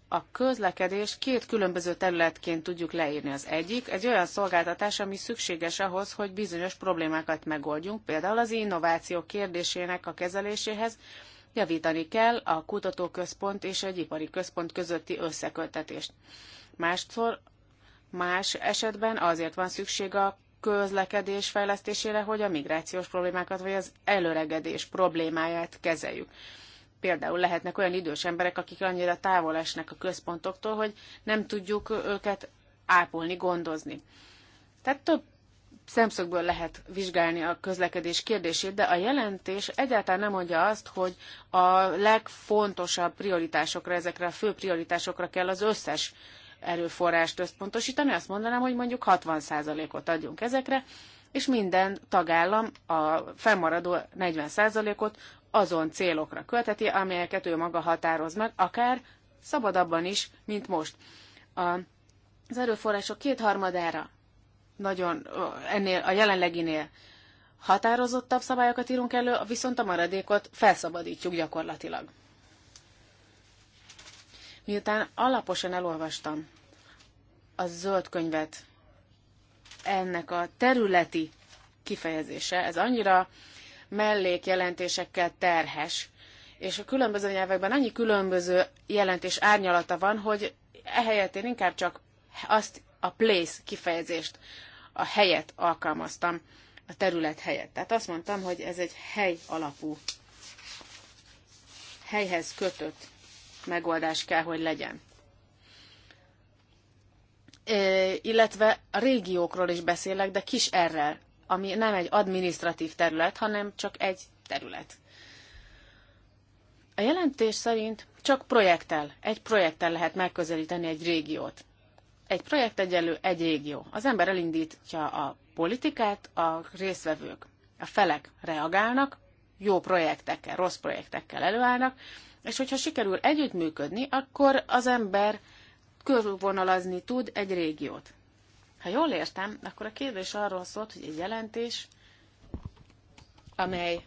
a közlekedés két különböző területként tudjuk leírni. Az egyik egy olyan szolgáltatás, ami szükséges ahhoz, hogy bizonyos problémákat megoldjunk, például az innováció kérdésének a kezeléséhez javítani kell a kutatóközpont és egy ipari központ közötti összeköttetést. Másszor Más esetben azért van szükség a közlekedés fejlesztésére, hogy a migrációs problémákat vagy az előregedés problémáját kezeljük. Például lehetnek olyan idős emberek, akik annyira távol esnek a központoktól, hogy nem tudjuk őket ápolni, gondozni. Tehát több szemszögből lehet vizsgálni a közlekedés kérdését, de a jelentés egyáltalán nem mondja azt, hogy a legfontosabb prioritásokra, ezekre a fő prioritásokra kell az összes erőforrást összpontosítani, azt mondanám, hogy mondjuk 60%-ot adjunk ezekre, és minden tagállam a felmaradó 40%-ot azon célokra költeti, amelyeket ő maga határoz meg, akár szabadabban is, mint most. az erőforrások kétharmadára nagyon ennél a jelenleginél határozottabb szabályokat írunk elő, viszont a maradékot felszabadítjuk gyakorlatilag. Miután alaposan elolvastam a zöld könyvet ennek a területi kifejezése, ez annyira mellékjelentésekkel terhes, és a különböző nyelvekben annyi különböző jelentés árnyalata van, hogy ehelyett én inkább csak azt a place kifejezést, a helyet alkalmaztam, a terület helyet, Tehát azt mondtam, hogy ez egy hely alapú, helyhez kötött megoldás kell, hogy legyen illetve a régiókról is beszélek, de kis errel, ami nem egy administratív terület, hanem csak egy terület. A jelentés szerint csak projekttel, egy projekttel lehet megközelíteni egy régiót. Egy projekt egyelő egy régió. Az ember elindítja a politikát, a részvevők, a felek reagálnak, jó projektekkel, rossz projektekkel előállnak, és hogyha sikerül együttműködni, akkor az ember körülvonalazni tud egy régiót. Ha jól értem, akkor a kérdés arról szólt, hogy egy jelentés, amely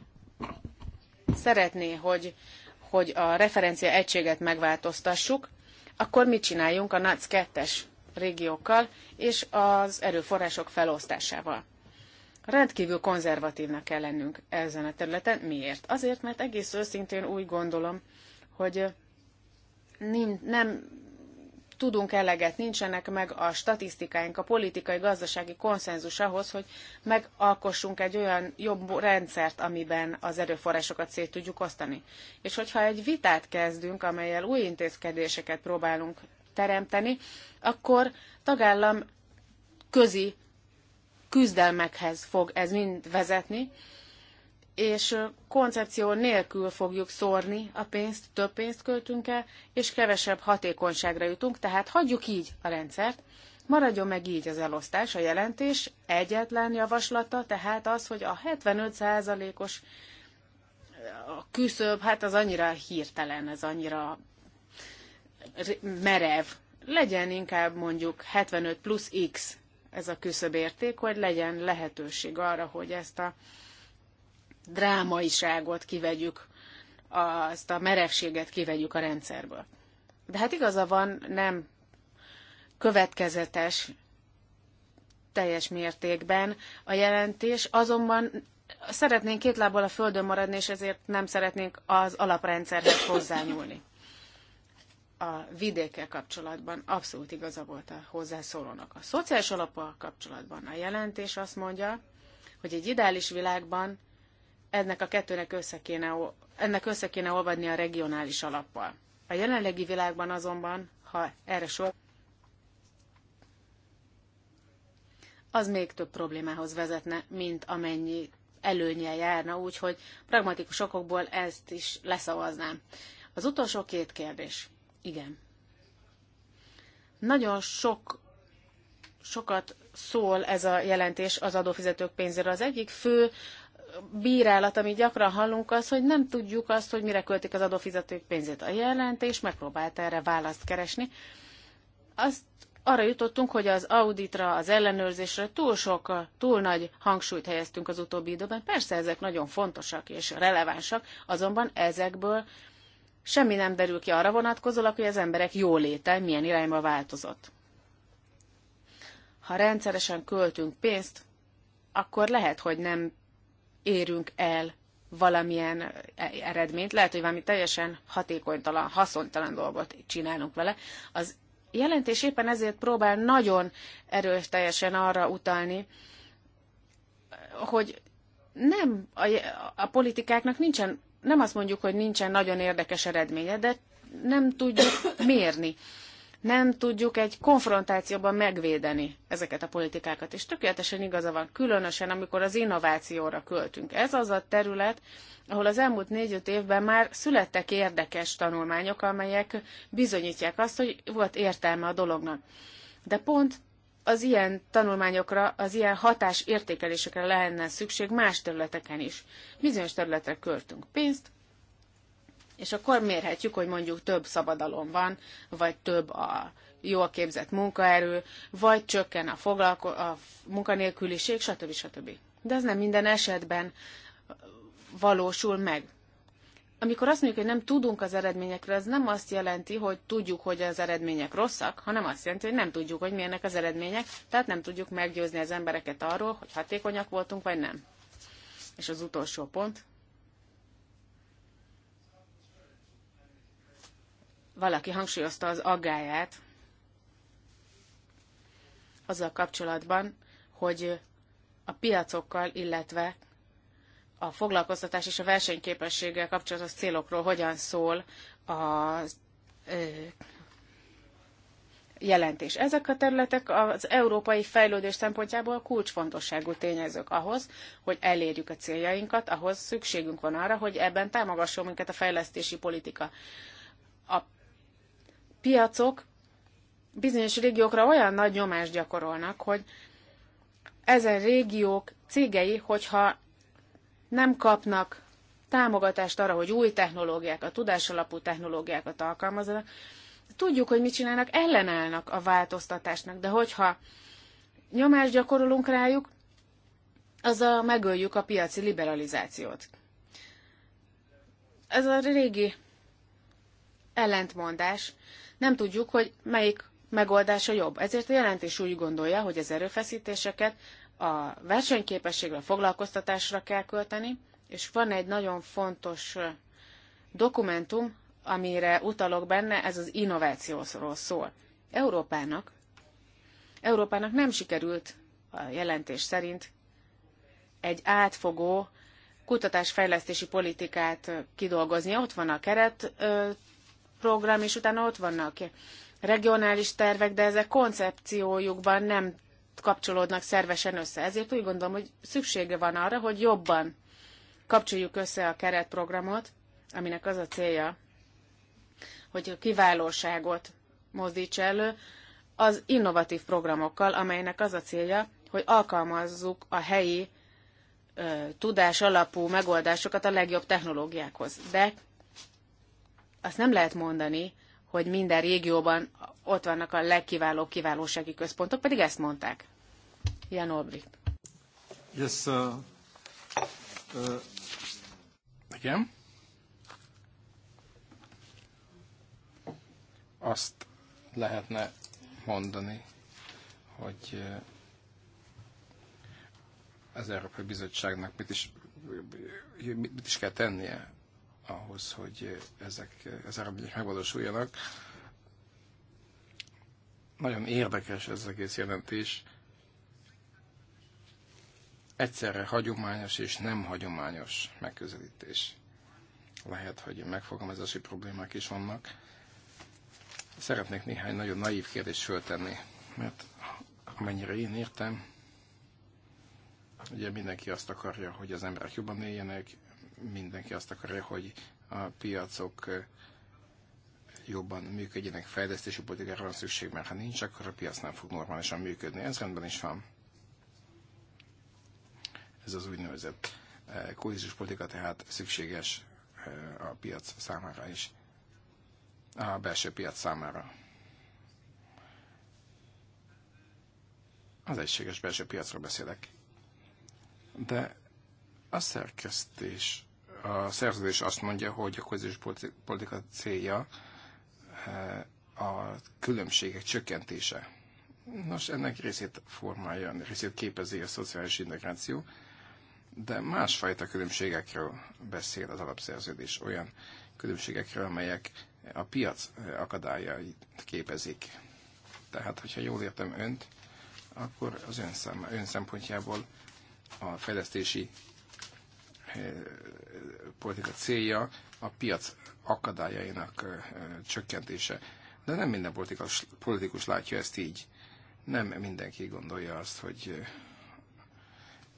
szeretné, hogy, hogy a referencia egységet megváltoztassuk, akkor mit csináljunk a NAC 2-es régiókkal és az erőforrások felosztásával. Rendkívül konzervatívnak kell lennünk ezen a területen. Miért? Azért, mert egész őszintén úgy gondolom, hogy nem tudunk eleget, nincsenek meg a statisztikáink, a politikai, gazdasági konszenzus ahhoz, hogy megalkossunk egy olyan jobb rendszert, amiben az erőforrásokat szét tudjuk osztani. És hogyha egy vitát kezdünk, amelyel új intézkedéseket próbálunk teremteni, akkor tagállam közi küzdelmekhez fog ez mind vezetni, és koncepció nélkül fogjuk szórni a pénzt, több pénzt költünk el, és kevesebb hatékonyságra jutunk, tehát hagyjuk így a rendszert, maradjon meg így az elosztás, a jelentés egyetlen javaslata, tehát az, hogy a 75%-os küszöb, hát az annyira hirtelen, ez annyira merev. Legyen inkább mondjuk 75 plusz X ez a küszöbérték, hogy legyen lehetőség arra, hogy ezt a drámaiságot kivegyük, azt a merevséget kivegyük a rendszerből. De hát igaza van, nem következetes teljes mértékben a jelentés, azonban szeretnénk két lábbal a földön maradni, és ezért nem szeretnénk az alaprendszerhez hozzányúlni. A vidékkel kapcsolatban abszolút igaza volt a hozzászólónak. A szociális alappal kapcsolatban a jelentés azt mondja, hogy egy ideális világban ennek a kettőnek össze kéne, ennek össze kéne olvadni a regionális alappal. A jelenlegi világban azonban, ha erre sor, az még több problémához vezetne, mint amennyi előnye járna, úgyhogy pragmatikus okokból ezt is leszavaznám. Az utolsó két kérdés. Igen. Nagyon sok, sokat szól ez a jelentés az adófizetők pénzéről. Az egyik fő bírálat, amit gyakran hallunk, az, hogy nem tudjuk azt, hogy mire költik az adófizetők pénzét. A jelentés megpróbált erre választ keresni. Azt arra jutottunk, hogy az auditra, az ellenőrzésre túl sok, túl nagy hangsúlyt helyeztünk az utóbbi időben. Persze ezek nagyon fontosak és relevánsak, azonban ezekből semmi nem derül ki arra vonatkozólag, hogy az emberek jóléte milyen irányba változott. Ha rendszeresen költünk pénzt, akkor lehet, hogy nem érünk el valamilyen e- eredményt, lehet, hogy valami teljesen hatékonytalan, haszontalan dolgot csinálunk vele. Az jelentés éppen ezért próbál nagyon erőteljesen arra utalni, hogy nem a, a politikáknak nincsen, nem azt mondjuk, hogy nincsen nagyon érdekes eredménye, de nem tudjuk mérni nem tudjuk egy konfrontációban megvédeni ezeket a politikákat. És tökéletesen igaza van, különösen amikor az innovációra költünk. Ez az a terület, ahol az elmúlt négy-öt évben már születtek érdekes tanulmányok, amelyek bizonyítják azt, hogy volt értelme a dolognak. De pont az ilyen tanulmányokra, az ilyen hatásértékelésekre lenne szükség más területeken is. Bizonyos területre költünk pénzt, és akkor mérhetjük, hogy mondjuk több szabadalom van, vagy több a jól képzett munkaerő, vagy csökken a, foglalko- a munkanélküliség, stb. stb. De ez nem minden esetben valósul meg. Amikor azt mondjuk, hogy nem tudunk az eredményekről, ez nem azt jelenti, hogy tudjuk, hogy az eredmények rosszak, hanem azt jelenti, hogy nem tudjuk, hogy milyenek az eredmények, tehát nem tudjuk meggyőzni az embereket arról, hogy hatékonyak voltunk, vagy nem. És az utolsó pont, valaki hangsúlyozta az aggáját azzal kapcsolatban, hogy a piacokkal, illetve a foglalkoztatás és a versenyképességgel kapcsolatos célokról hogyan szól a jelentés. Ezek a területek az európai fejlődés szempontjából kulcsfontosságú tényezők ahhoz, hogy elérjük a céljainkat, ahhoz szükségünk van arra, hogy ebben támogasson minket a fejlesztési politika. A piacok bizonyos régiókra olyan nagy nyomást gyakorolnak, hogy ezen régiók cégei, hogyha nem kapnak támogatást arra, hogy új technológiákat, tudásalapú technológiákat alkalmazzanak, tudjuk, hogy mit csinálnak, ellenállnak a változtatásnak, de hogyha nyomást gyakorolunk rájuk, azzal megöljük a piaci liberalizációt. Ez a régi ellentmondás, nem tudjuk, hogy melyik megoldása jobb. Ezért a jelentés úgy gondolja, hogy az erőfeszítéseket a versenyképességre, a foglalkoztatásra kell költeni, és van egy nagyon fontos dokumentum, amire utalok benne, ez az innovációról szól. Európának, Európának nem sikerült a jelentés szerint egy átfogó kutatásfejlesztési politikát kidolgozni. Ott van a keret program, és utána ott vannak regionális tervek, de ezek koncepciójukban nem kapcsolódnak szervesen össze. Ezért úgy gondolom, hogy szüksége van arra, hogy jobban kapcsoljuk össze a keretprogramot, aminek az a célja, hogy a kiválóságot mozdítsa elő, az innovatív programokkal, amelynek az a célja, hogy alkalmazzuk a helyi ö, tudás alapú megoldásokat a legjobb technológiákhoz. De azt nem lehet mondani, hogy minden régióban ott vannak a legkiváló kiválósági központok, pedig ezt mondták. Jan Olbricht. Yes, uh, uh, igen. Azt lehetne mondani, hogy uh, az Európai Bizottságnak mit is, mit is kell tennie ahhoz, hogy ezek, az eredmények megvalósuljanak. Nagyon érdekes ez az egész jelentés. Egyszerre hagyományos és nem hagyományos megközelítés. Lehet, hogy megfogalmazási problémák is vannak. Szeretnék néhány nagyon naív kérdést föltenni, mert amennyire én értem, ugye mindenki azt akarja, hogy az emberek jobban éljenek, mindenki azt akarja, hogy a piacok jobban működjenek, fejlesztési politikára van szükség, mert ha nincs, akkor a piac nem fog normálisan működni. Ez rendben is van. Ez az úgynevezett kohéziós politika, tehát szükséges a piac számára is, a belső piac számára. Az egységes belső piacról beszélek. De a szerkesztés a szerződés azt mondja, hogy a közös politika célja eh, a különbségek csökkentése. Nos, ennek részét formálja, részét képezi a szociális integráció, de másfajta különbségekről beszél az alapszerződés, olyan különbségekről, amelyek a piac eh, akadályait képezik. Tehát, hogyha jól értem önt, akkor az ön, szem, ön szempontjából a fejlesztési politika célja a piac akadályainak csökkentése. De nem minden politikus, politikus látja ezt így. Nem mindenki gondolja azt, hogy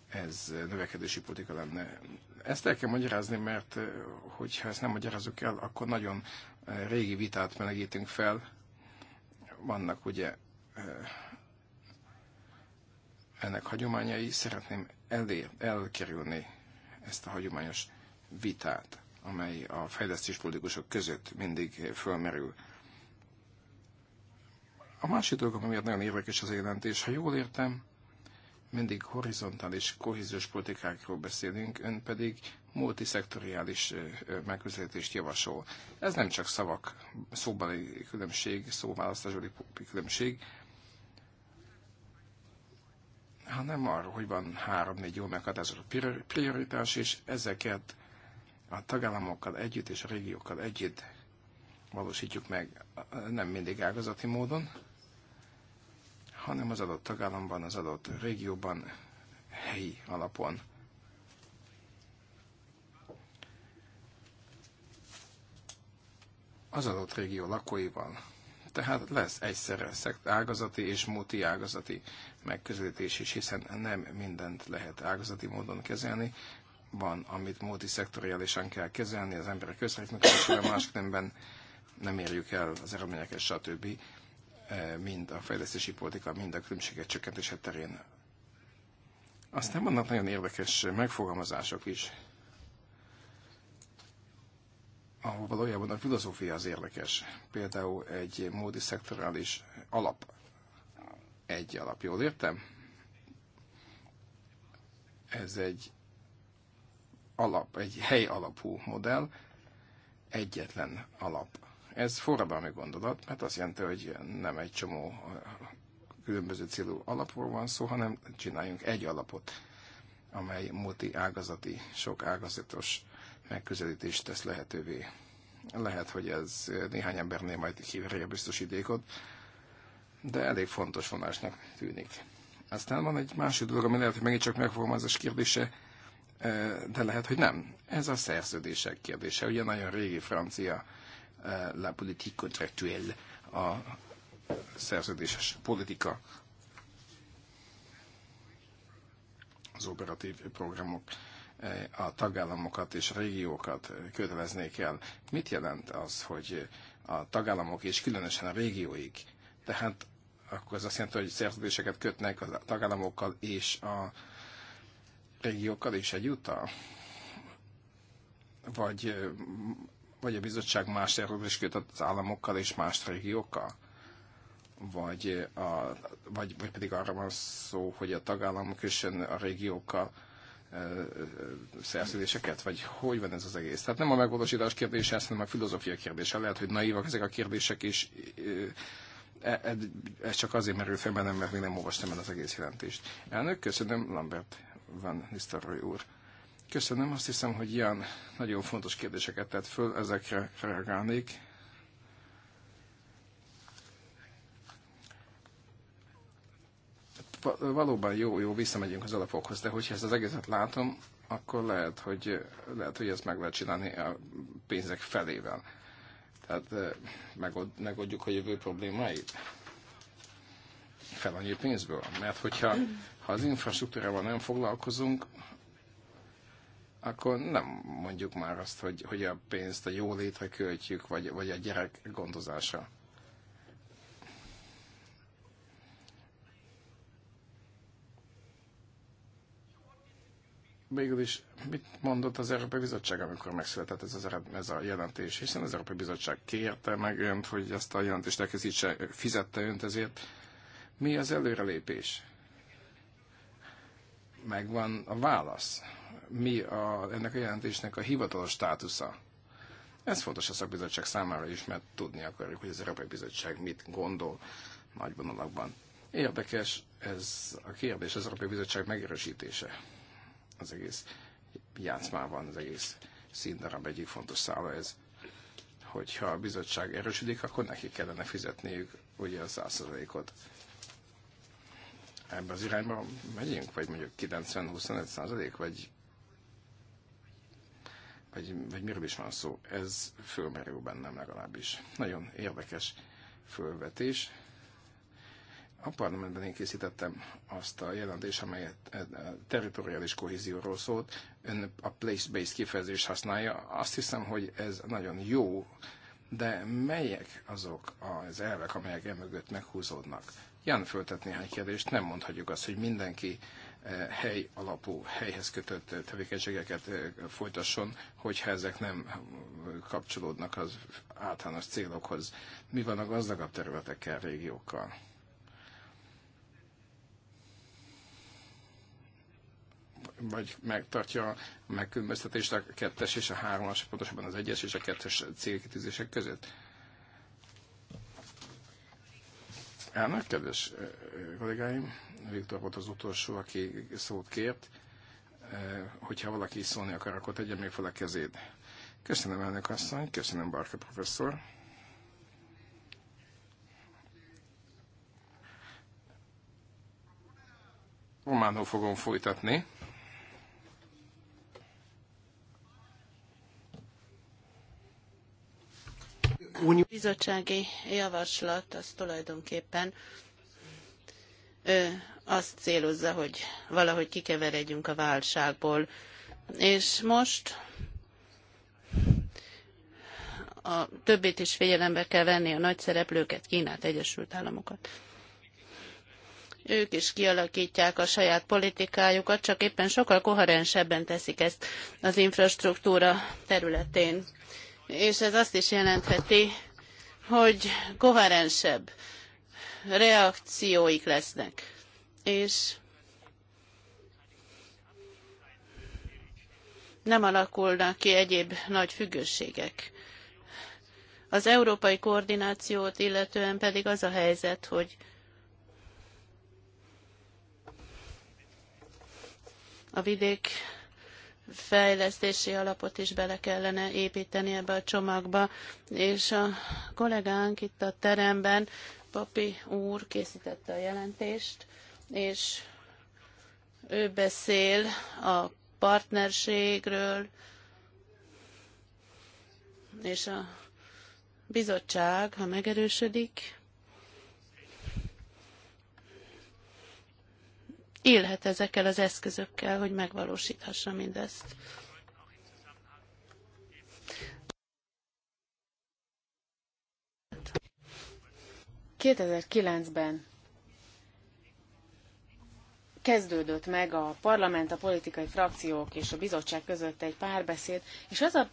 ez növekedési politika lenne. Ezt el kell magyarázni, mert hogyha ezt nem magyarázunk el, akkor nagyon régi vitát melegítünk fel. Vannak ugye ennek hagyományai, szeretném elé, elkerülni ezt a hagyományos vitát, amely a fejlesztés politikusok között mindig fölmerül. A másik dolog, ami miatt nagyon érdekes az jelentés, ha jól értem, mindig horizontális, kohéziós politikákról beszélünk, ön pedig multiszektoriális megközelítést javasol. Ez nem csak szavak, szóbeli különbség, szóválasztásbeli különbség, hanem hát arról, hogy van három-négy jól meghatározott prioritás, és ezeket a tagállamokkal együtt és a régiókkal együtt valósítjuk meg nem mindig ágazati módon, hanem az adott tagállamban, az adott régióban, helyi alapon. Az adott régió lakóival, tehát lesz egyszerre szekt ágazati és múti ágazati megközelítés is, hiszen nem mindent lehet ágazati módon kezelni. Van, amit szektoriálisan kell kezelni, az emberek másik nemben nem érjük el az eredményeket, stb. E, mind a fejlesztési politika, mind a különbségek csökkentése terén. Aztán vannak nagyon érdekes megfogalmazások is ahol valójában a filozófia az érdekes. Például egy módi szektorális alap. Egy alap, jól értem? Ez egy alap, egy hely alapú modell, egyetlen alap. Ez forradalmi gondolat, mert azt jelenti, hogy nem egy csomó különböző célú alapról van szó, hanem csináljunk egy alapot, amely multi ágazati, sok ágazatos megközelítést tesz lehetővé. Lehet, hogy ez néhány embernél majd kiverje biztos biztosítékot, de elég fontos vonásnak tűnik. Aztán van egy másik dolog, ami lehet, hogy megint csak az kérdése, e, de lehet, hogy nem. Ez a szerződések kérdése. Ugye nagyon régi francia e, la politique contractuelle, a szerződéses politika, az operatív programok a tagállamokat és a régiókat köteleznék el. Mit jelent az, hogy a tagállamok és különösen a régióik, tehát akkor ez azt jelenti, hogy szerződéseket kötnek a tagállamokkal és a régiókkal is egyúttal? Vagy, vagy a bizottság más szerződést köt az államokkal és más régiókkal? Vagy, a, vagy, vagy pedig arra van szó, hogy a tagállamok és a régiókkal, szerződéseket, vagy hogy van ez az egész? Tehát nem a megvalósítás kérdése, hanem a filozófia kérdése. Lehet, hogy naívak ezek a kérdések, és e, e, ez csak azért merül fel bennem, mert még nem olvastam el az egész jelentést. Elnök, köszönöm, Lambert van Nisztelrooy úr. Köszönöm, azt hiszem, hogy ilyen nagyon fontos kérdéseket tett föl, ezekre reagálnék valóban jó, jó, visszamegyünk az alapokhoz, de hogyha ezt az egészet látom, akkor lehet, hogy, lehet, hogy ezt meg lehet csinálni a pénzek felével. Tehát megold, megoldjuk a jövő problémáit fel annyi pénzből. Mert hogyha ha az infrastruktúrával nem foglalkozunk, akkor nem mondjuk már azt, hogy, hogy a pénzt a jólétre költjük, vagy, vagy a gyerek gondozása. végül is mit mondott az Európai Bizottság, amikor megszületett ez, az ez a jelentés? Hiszen az Európai Bizottság kérte meg önt, hogy ezt a jelentést elkészítse, fizette önt ezért. Mi az előrelépés? Megvan a válasz. Mi a, ennek a jelentésnek a hivatalos státusza? Ez fontos a szakbizottság számára is, mert tudni akarjuk, hogy az Európai Bizottság mit gondol nagy vonalakban. Érdekes ez a kérdés, az Európai Bizottság megerősítése az egész játszmában, az egész színdarab egyik fontos szála ez. Hogyha a bizottság erősödik, akkor neki kellene fizetniük ugye a százszerzalékot. Ebben az irányba megyünk, vagy mondjuk 90-25 százalék, vagy, vagy, vagy miről is van szó? Ez fölmerül bennem legalábbis. Nagyon érdekes fölvetés a parlamentben én készítettem azt a jelentést, amelyet a eh, eh, territoriális kohézióról szólt. Ön a place-based kifejezést használja. Azt hiszem, hogy ez nagyon jó, de melyek azok az elvek, amelyek emögött meghúzódnak? Jan föltett néhány kérdést, nem mondhatjuk azt, hogy mindenki eh, hely alapú, helyhez kötött tevékenységeket folytasson, hogyha ezek nem kapcsolódnak az általános célokhoz. Mi van a gazdagabb területekkel, régiókkal? vagy megtartja a megkülönböztetést a kettes és a hármas, pontosabban az egyes és a kettes célkitűzések között. Elnök, kedves kollégáim, Viktor volt az utolsó, aki szót kért. Hogyha valaki szólni akar, akkor tegye még fel a kezét. Köszönöm, elnök asszony, köszönöm, Barka professzor. Románul fogom folytatni. A bizottsági javaslat az tulajdonképpen ö, azt célozza, hogy valahogy kikeveredjünk a válságból. És most a többit is figyelembe kell venni, a nagy szereplőket, Kínát, Egyesült Államokat. Ők is kialakítják a saját politikájukat, csak éppen sokkal koherensebben teszik ezt az infrastruktúra területén és ez azt is jelentheti, hogy koherensebb reakcióik lesznek. És nem alakulnak ki egyéb nagy függőségek. Az európai koordinációt illetően pedig az a helyzet, hogy a vidék fejlesztési alapot is bele kellene építeni ebbe a csomagba, és a kollégánk itt a teremben, Papi úr készítette a jelentést, és ő beszél a partnerségről, és a bizottság, ha megerősödik, élhet ezekkel az eszközökkel, hogy megvalósíthassa mindezt. ...2009-ben kezdődött meg a parlament, a politikai frakciók és a bizottság között egy párbeszéd, és az a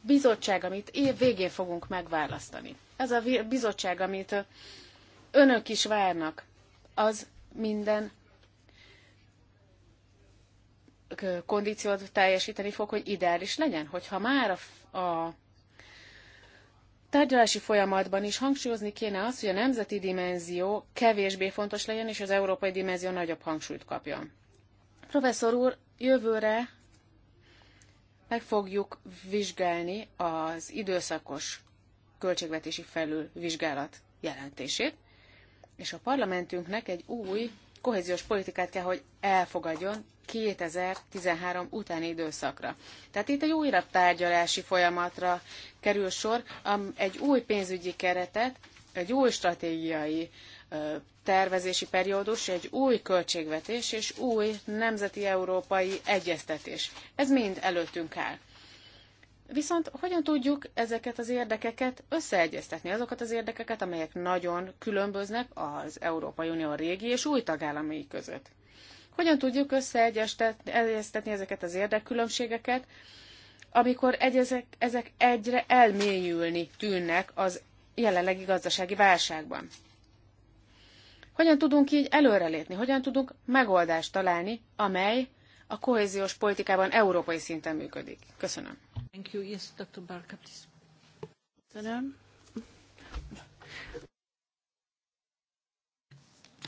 bizottság, amit év végén fogunk megválasztani, ez a bizottság, amit önök is várnak, az minden kondíciót teljesíteni fog, hogy ideális legyen. Hogyha már a, a tárgyalási folyamatban is hangsúlyozni kéne azt, hogy a nemzeti dimenzió kevésbé fontos legyen, és az európai dimenzió nagyobb hangsúlyt kapjon. Professzor úr, jövőre meg fogjuk vizsgálni az időszakos költségvetési felülvizsgálat jelentését, és a parlamentünknek egy új kohéziós politikát kell, hogy elfogadjon 2013 utáni időszakra. Tehát itt egy újra tárgyalási folyamatra kerül sor, egy új pénzügyi keretet, egy új stratégiai tervezési periódus, egy új költségvetés és új nemzeti európai egyeztetés. Ez mind előttünk áll. Viszont hogyan tudjuk ezeket az érdekeket összeegyeztetni, azokat az érdekeket, amelyek nagyon különböznek az Európai Unió régi és új tagállamai között? Hogyan tudjuk összeegyeztetni ezeket az érdekkülönbségeket, amikor egyezek, ezek, ezek egyre elmélyülni tűnnek az jelenlegi gazdasági válságban? Hogyan tudunk így előrelépni, hogyan tudunk megoldást találni, amely a kohéziós politikában európai szinten működik? Köszönöm. Thank you. Yes, Dr. Barka, please. Köszönöm.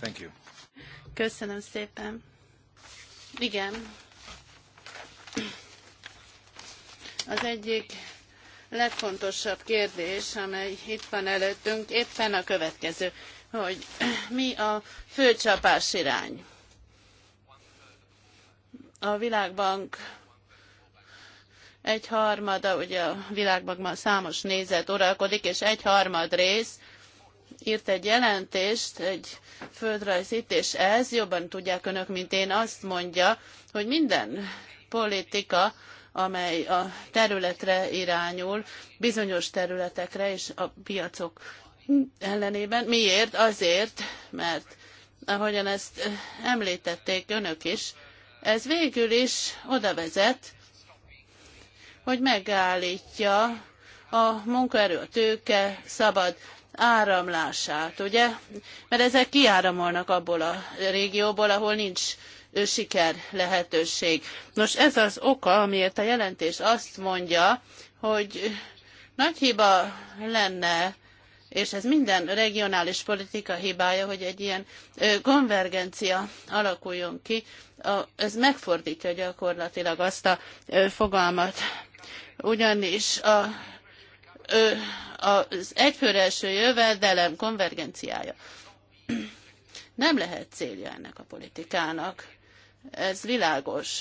Thank you. Köszönöm szépen. Igen. Az egyik legfontosabb kérdés, amely itt van előttünk, éppen a következő, hogy mi a főcsapás irány. A Világbank egy harmada, ugye a világban számos nézet uralkodik, és egy harmad rész írt egy jelentést, egy földrajzit, és ez jobban tudják önök, mint én, azt mondja, hogy minden politika, amely a területre irányul, bizonyos területekre és a piacok ellenében. Miért? Azért, mert ahogyan ezt említették önök is, ez végül is oda vezet, hogy megállítja a munkaerő, a tőke szabad áramlását, ugye? Mert ezek kiáramolnak abból a régióból, ahol nincs siker lehetőség. Nos, ez az oka, amiért a jelentés azt mondja, hogy nagy hiba lenne, és ez minden regionális politika hibája, hogy egy ilyen konvergencia alakuljon ki, ez megfordítja gyakorlatilag azt a fogalmat, ugyanis a, az egyfőre eső jövedelem konvergenciája nem lehet célja ennek a politikának. Ez világos.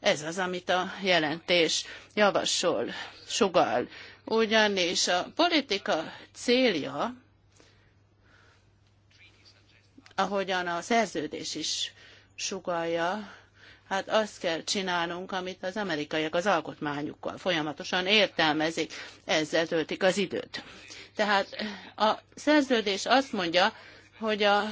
Ez az, amit a jelentés javasol, sugal. Ugyanis a politika célja, ahogyan a szerződés is sugalja, hát azt kell csinálnunk, amit az amerikaiak az alkotmányukkal folyamatosan értelmezik, ezzel töltik az időt. Tehát a szerződés azt mondja, hogy a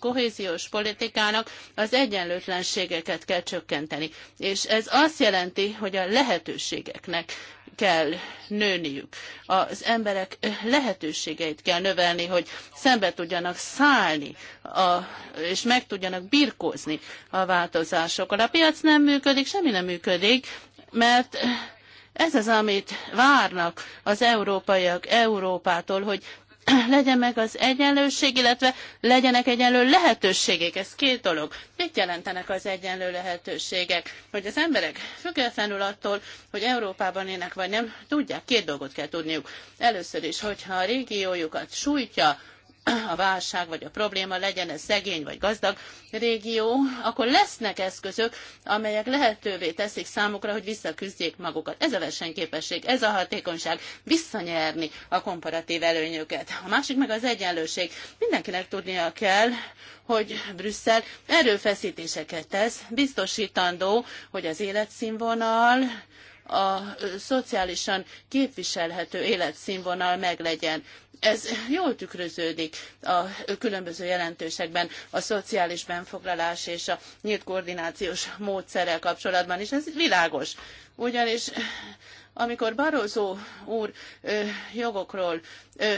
kohéziós politikának az egyenlőtlenségeket kell csökkenteni. És ez azt jelenti, hogy a lehetőségeknek kell nőniük. Az emberek lehetőségeit kell növelni, hogy szembe tudjanak szállni, a, és meg tudjanak birkózni a változásokkal. A piac nem működik, semmi nem működik, mert ez az, amit várnak az európaiak Európától, hogy [CLEARS THROAT] legyen meg az egyenlőség, illetve legyenek egyenlő lehetőségek. Ez két dolog. Mit jelentenek az egyenlő lehetőségek? Hogy az emberek függetlenül attól, hogy Európában élnek vagy nem, tudják, két dolgot kell tudniuk. Először is, hogyha a régiójukat sújtja a válság vagy a probléma, legyen ez szegény vagy gazdag régió, akkor lesznek eszközök, amelyek lehetővé teszik számukra, hogy visszaküzdjék magukat. Ez a versenyképesség, ez a hatékonyság, visszanyerni a komparatív előnyöket. A másik meg az egyenlőség. Mindenkinek tudnia kell, hogy Brüsszel erőfeszítéseket tesz, biztosítandó, hogy az életszínvonal, a szociálisan képviselhető életszínvonal meglegyen. Ez jól tükröződik a különböző jelentésekben, a szociális benfoglalás és a nyílt koordinációs módszerrel kapcsolatban, és ez világos. Ugyanis amikor Barroso úr ö, jogokról ö,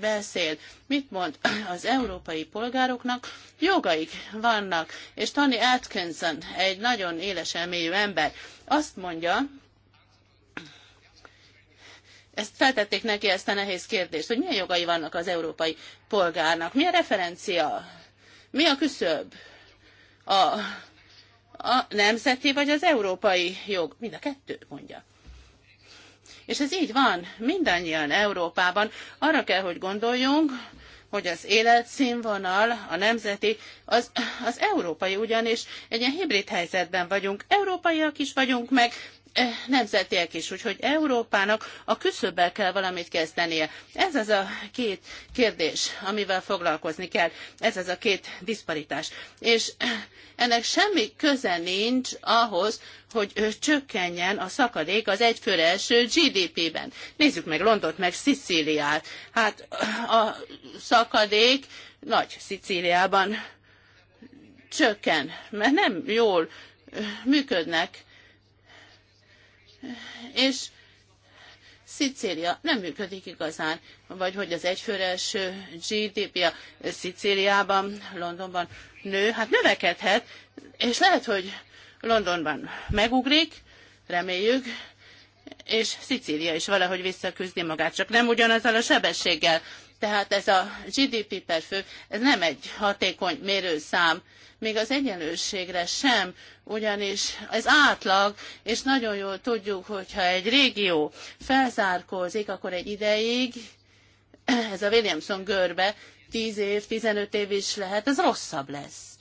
beszél, mit mond az európai polgároknak? Jogaik vannak, és Tony Atkinson, egy nagyon éles elmélyű ember, azt mondja, ezt feltették neki ezt a nehéz kérdést, hogy milyen jogai vannak az európai polgárnak, mi a referencia, mi a küszöb, a, a nemzeti vagy az európai jog, mind a kettő mondja. És ez így van, mindannyian Európában arra kell, hogy gondoljunk, hogy az életszínvonal, a nemzeti, az, az európai ugyanis egy ilyen hibrid helyzetben vagyunk. Európaiak is vagyunk, meg Eh, nemzetiek is, úgyhogy Európának a küszöbbel kell valamit kezdenie. Ez az a két kérdés, amivel foglalkozni kell, ez az a két diszparitás. És ennek semmi köze nincs ahhoz, hogy csökkenjen a szakadék az egyfőre eső GDP-ben. Nézzük meg Londont, meg Szicíliát. Hát a szakadék nagy Szicíliában csökken, mert nem jól működnek és Szicília nem működik igazán, vagy hogy az egyfőres GDP-a Szicíliában, Londonban nő, hát növekedhet, és lehet, hogy Londonban megugrik, reméljük, és Szicília is valahogy visszaküzdi magát, csak nem ugyanazzal a sebességgel, tehát ez a GDP per fő, ez nem egy hatékony mérőszám, még az egyenlőségre sem, ugyanis ez átlag, és nagyon jól tudjuk, hogyha egy régió felzárkózik, akkor egy ideig, [CLEARS THROAT] ez a Williamson görbe, 10 év, 15 év is lehet, ez rosszabb lesz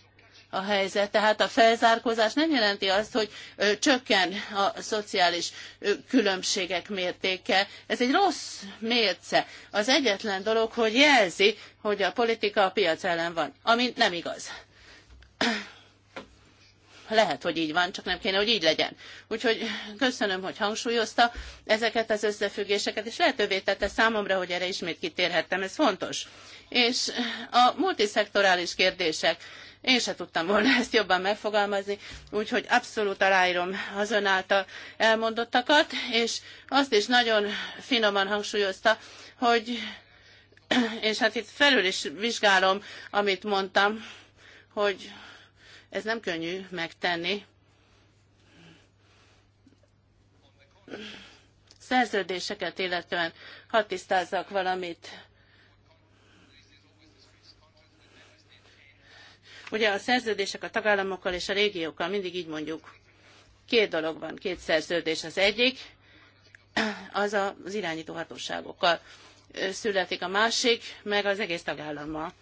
a helyzet. Tehát a felzárkózás nem jelenti azt, hogy csökken a szociális különbségek mértéke. Ez egy rossz mérce. Az egyetlen dolog, hogy jelzi, hogy a politika a piac ellen van, ami nem igaz. Lehet, hogy így van, csak nem kéne, hogy így legyen. Úgyhogy köszönöm, hogy hangsúlyozta ezeket az összefüggéseket, és lehetővé tette számomra, hogy erre ismét kitérhettem, ez fontos. És a multiszektorális kérdések, én se tudtam volna ezt jobban megfogalmazni, úgyhogy abszolút aláírom ön által elmondottakat, és azt is nagyon finoman hangsúlyozta, hogy, és hát itt felül is vizsgálom, amit mondtam, hogy ez nem könnyű megtenni. Szerződéseket illetően hadd tisztázzak valamit. Ugye a szerződések a tagállamokkal és a régiókkal mindig így mondjuk. Két dolog van, két szerződés. Az egyik az az irányító hatóságokkal születik, a másik meg az egész tagállammal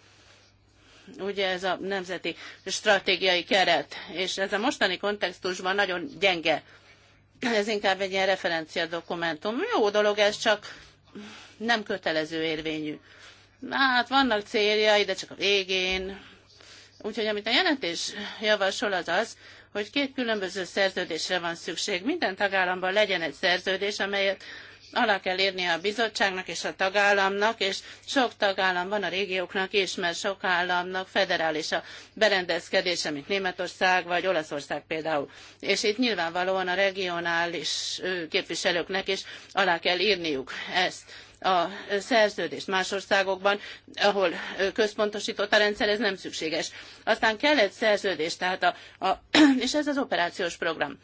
ugye ez a nemzeti stratégiai keret, és ez a mostani kontextusban nagyon gyenge. Ez inkább egy ilyen referencia dokumentum. Jó dolog ez, csak nem kötelező érvényű. Hát vannak céljai, de csak a végén. Úgyhogy amit a jelentés javasol az az, hogy két különböző szerződésre van szükség. Minden tagállamban legyen egy szerződés, amelyet alá kell írnia a bizottságnak és a tagállamnak, és sok tagállam van a régióknak is, mert sok államnak federális a berendezkedése, mint Németország vagy Olaszország például. És itt nyilvánvalóan a regionális képviselőknek is alá kell írniuk ezt a szerződést más országokban, ahol központosított a rendszer, ez nem szükséges. Aztán kell egy szerződés, tehát a, a, [CLEARS THROAT] és ez az operációs program.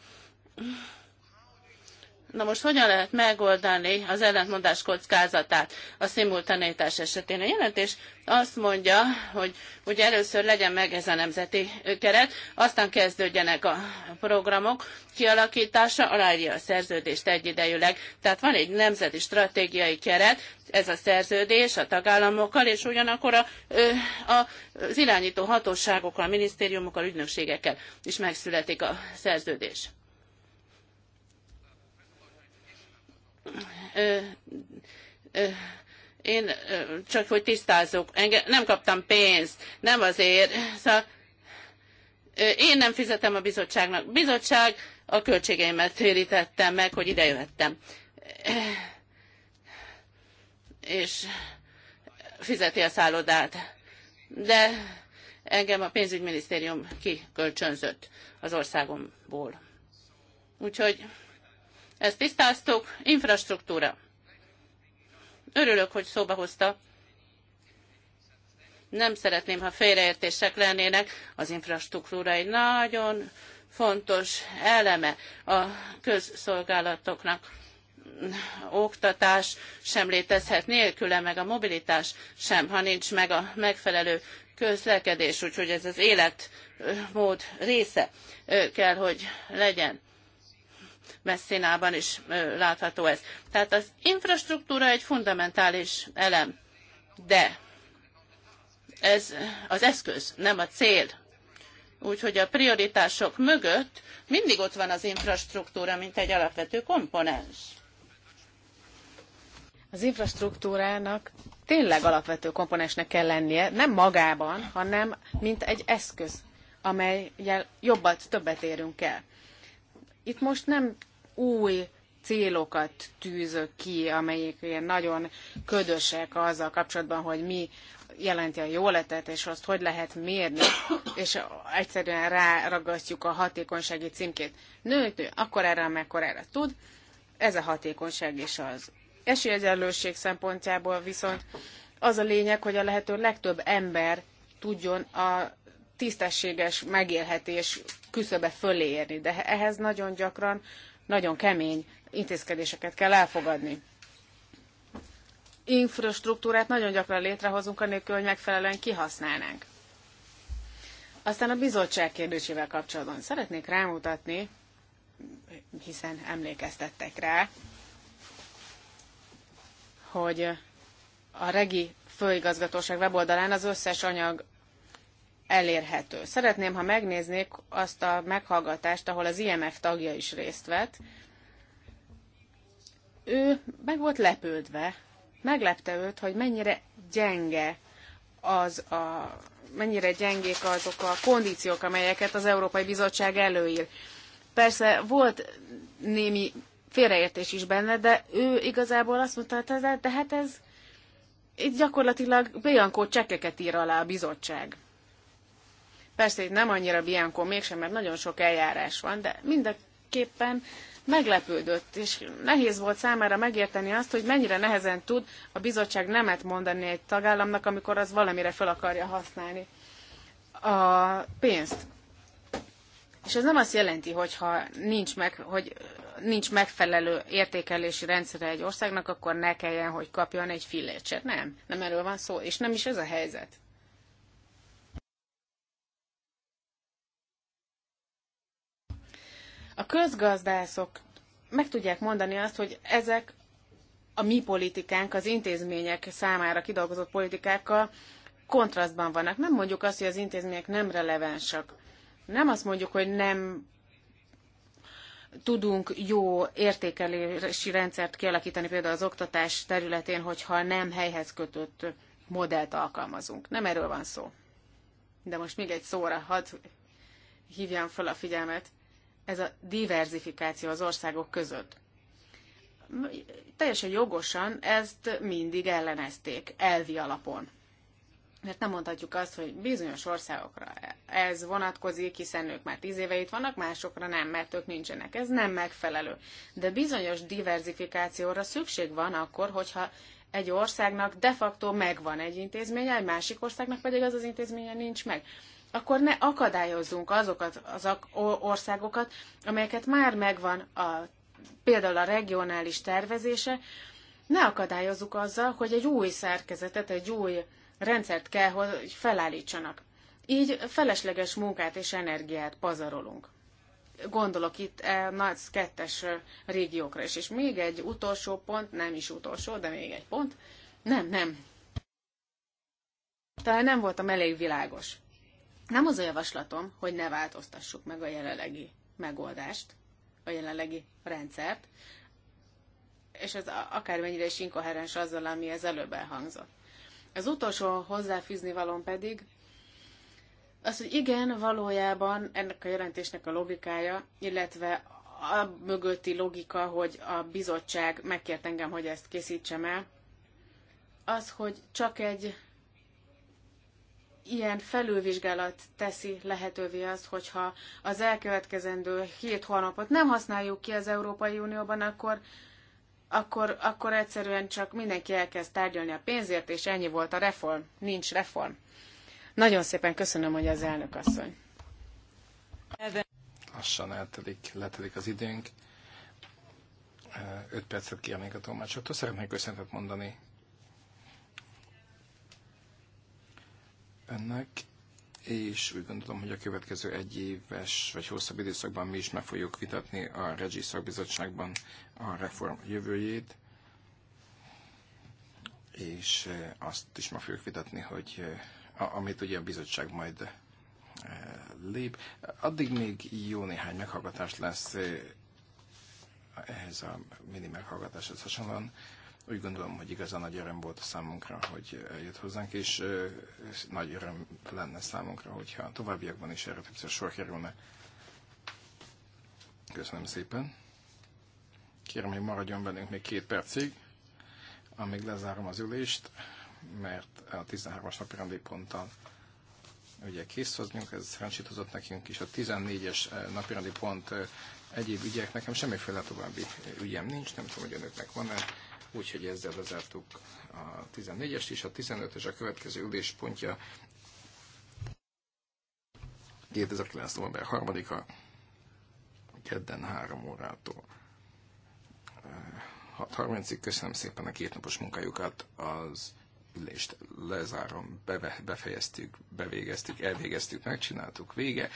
Na most hogyan lehet megoldani az ellentmondás kockázatát a szimultanitás esetén? A jelentés azt mondja, hogy ugye először legyen meg ez a nemzeti keret, aztán kezdődjenek a programok kialakítása, aláírja a szerződést egyidejűleg. Tehát van egy nemzeti stratégiai keret, ez a szerződés a tagállamokkal, és ugyanakkor a, a, az irányító hatóságokkal, minisztériumokkal, ügynökségekkel is megszületik a szerződés. én csak hogy tisztázok, engem, nem kaptam pénzt, nem azért. Szóval én nem fizetem a bizottságnak. Bizottság a költségeimet térítettem meg, hogy ide jöhettem. És fizeti a szállodát. De engem a pénzügyminisztérium kikölcsönzött az országomból. Úgyhogy ezt tisztáztuk. Infrastruktúra. Örülök, hogy szóba hozta. Nem szeretném, ha félreértések lennének. Az infrastruktúra egy nagyon fontos eleme a közszolgálatoknak oktatás sem létezhet nélküle, meg a mobilitás sem, ha nincs meg a megfelelő közlekedés, úgyhogy ez az életmód része kell, hogy legyen. Messzinában is látható ez. Tehát az infrastruktúra egy fundamentális elem, de ez az eszköz, nem a cél. Úgyhogy a prioritások mögött mindig ott van az infrastruktúra, mint egy alapvető komponens. Az infrastruktúrának tényleg alapvető komponensnek kell lennie, nem magában, hanem mint egy eszköz, amelyel jobbat, többet érünk el. Itt most nem új célokat tűzök ki, amelyek ilyen nagyon ködösek azzal kapcsolatban, hogy mi jelenti a jóletet, és azt hogy lehet mérni, és egyszerűen ráragasztjuk a hatékonysági címkét. Nő, nő, akkor erre, amikor erre tud. Ez a hatékonyság és az esélyegyenlőség szempontjából viszont az a lényeg, hogy a lehető legtöbb ember tudjon a tisztességes megélhetés küszöbe fölé érni, de ehhez nagyon gyakran nagyon kemény intézkedéseket kell elfogadni. Infrastruktúrát nagyon gyakran létrehozunk, anélkül, hogy megfelelően kihasználnánk. Aztán a bizottság kérdésével kapcsolatban szeretnék rámutatni, hiszen emlékeztettek rá, hogy a Regi főigazgatóság weboldalán az összes anyag elérhető. Szeretném, ha megnéznék azt a meghallgatást, ahol az IMF tagja is részt vett. Ő meg volt lepődve, meglepte őt, hogy mennyire gyenge az a, mennyire gyengék azok a kondíciók, amelyeket az Európai Bizottság előír. Persze volt némi félreértés is benne, de ő igazából azt mondta, hogy hát de hát ez itt gyakorlatilag Bianco csekeket ír alá a bizottság. Persze itt nem annyira Bianco mégsem, mert nagyon sok eljárás van, de mindenképpen meglepődött, és nehéz volt számára megérteni azt, hogy mennyire nehezen tud a bizottság nemet mondani egy tagállamnak, amikor az valamire fel akarja használni a pénzt. És ez nem azt jelenti, hogy ha nincs, meg, hogy nincs megfelelő értékelési rendszere egy országnak, akkor ne kelljen, hogy kapjon egy fillért Nem, nem erről van szó, és nem is ez a helyzet. A közgazdászok meg tudják mondani azt, hogy ezek a mi politikánk, az intézmények számára kidolgozott politikákkal kontrasztban vannak. Nem mondjuk azt, hogy az intézmények nem relevánsak. Nem azt mondjuk, hogy nem tudunk jó értékelési rendszert kialakítani például az oktatás területén, hogyha nem helyhez kötött modellt alkalmazunk. Nem erről van szó. De most még egy szóra hadd hívjam fel a figyelmet ez a diversifikáció az országok között. Teljesen jogosan ezt mindig ellenezték, elvi alapon. Mert nem mondhatjuk azt, hogy bizonyos országokra ez vonatkozik, hiszen ők már tíz éve itt vannak, másokra nem, mert ők nincsenek. Ez nem megfelelő. De bizonyos diversifikációra szükség van akkor, hogyha egy országnak de facto megvan egy intézménye, egy másik országnak pedig az az intézménye nincs meg akkor ne akadályozzunk azokat az országokat, amelyeket már megvan a, például a regionális tervezése, ne akadályozzuk azzal, hogy egy új szerkezetet, egy új rendszert kell, hogy felállítsanak. Így felesleges munkát és energiát pazarolunk. Gondolok itt a nagy kettes régiókra is. És még egy utolsó pont, nem is utolsó, de még egy pont. Nem, nem. Talán nem voltam elég világos. Nem az a javaslatom, hogy ne változtassuk meg a jelenlegi megoldást, a jelenlegi rendszert, és ez akármennyire is inkoherens azzal, ami ez előbb elhangzott. Az utolsó hozzáfűzni valom pedig, az, hogy igen, valójában ennek a jelentésnek a logikája, illetve a mögötti logika, hogy a bizottság megkért engem, hogy ezt készítsem el, az, hogy csak egy ilyen felülvizsgálat teszi lehetővé azt, hogyha az elkövetkezendő hét hónapot nem használjuk ki az Európai Unióban, akkor, akkor, akkor egyszerűen csak mindenki elkezd tárgyalni a pénzért, és ennyi volt a reform. Nincs reform. Nagyon szépen köszönöm, hogy az elnök asszony. Lassan eltelik, letelik az időnk. Öt percet kérnék a tolmácsoktól. Szeretnék köszönetet mondani önnek, és úgy gondolom, hogy a következő egy éves vagy hosszabb időszakban mi is meg fogjuk vitatni a Regi Szakbizottságban a reform jövőjét, és eh, azt is meg fogjuk vitatni, hogy eh, amit ugye a bizottság majd eh, lép. Addig még jó néhány meghallgatás lesz ehhez a mini meghallgatáshoz hasonlóan úgy gondolom, hogy igazán nagy öröm volt a számunkra, hogy eljött hozzánk, és nagy öröm lenne számunkra, hogyha továbbiakban is erre többször sor kerülne. Köszönöm szépen. Kérem, hogy maradjon velünk még két percig, amíg lezárom az ülést, mert a 13-as napi ponttal ugye kész vagyunk, ez szerencsét hozott nekünk is. A 14-es napi pont egyéb ügyek, nekem semmiféle további ügyem nincs, nem tudom, hogy önöknek van-e úgyhogy ezzel lezártuk a 14-est is, a 15 es a következő üléspontja 2009. november 3-a, kedden 3 órától. 6.30-ig eh, köszönöm szépen a kétnapos munkájukat, az ülést lezárom, befejeztük, bevégeztük, elvégeztük, megcsináltuk, vége.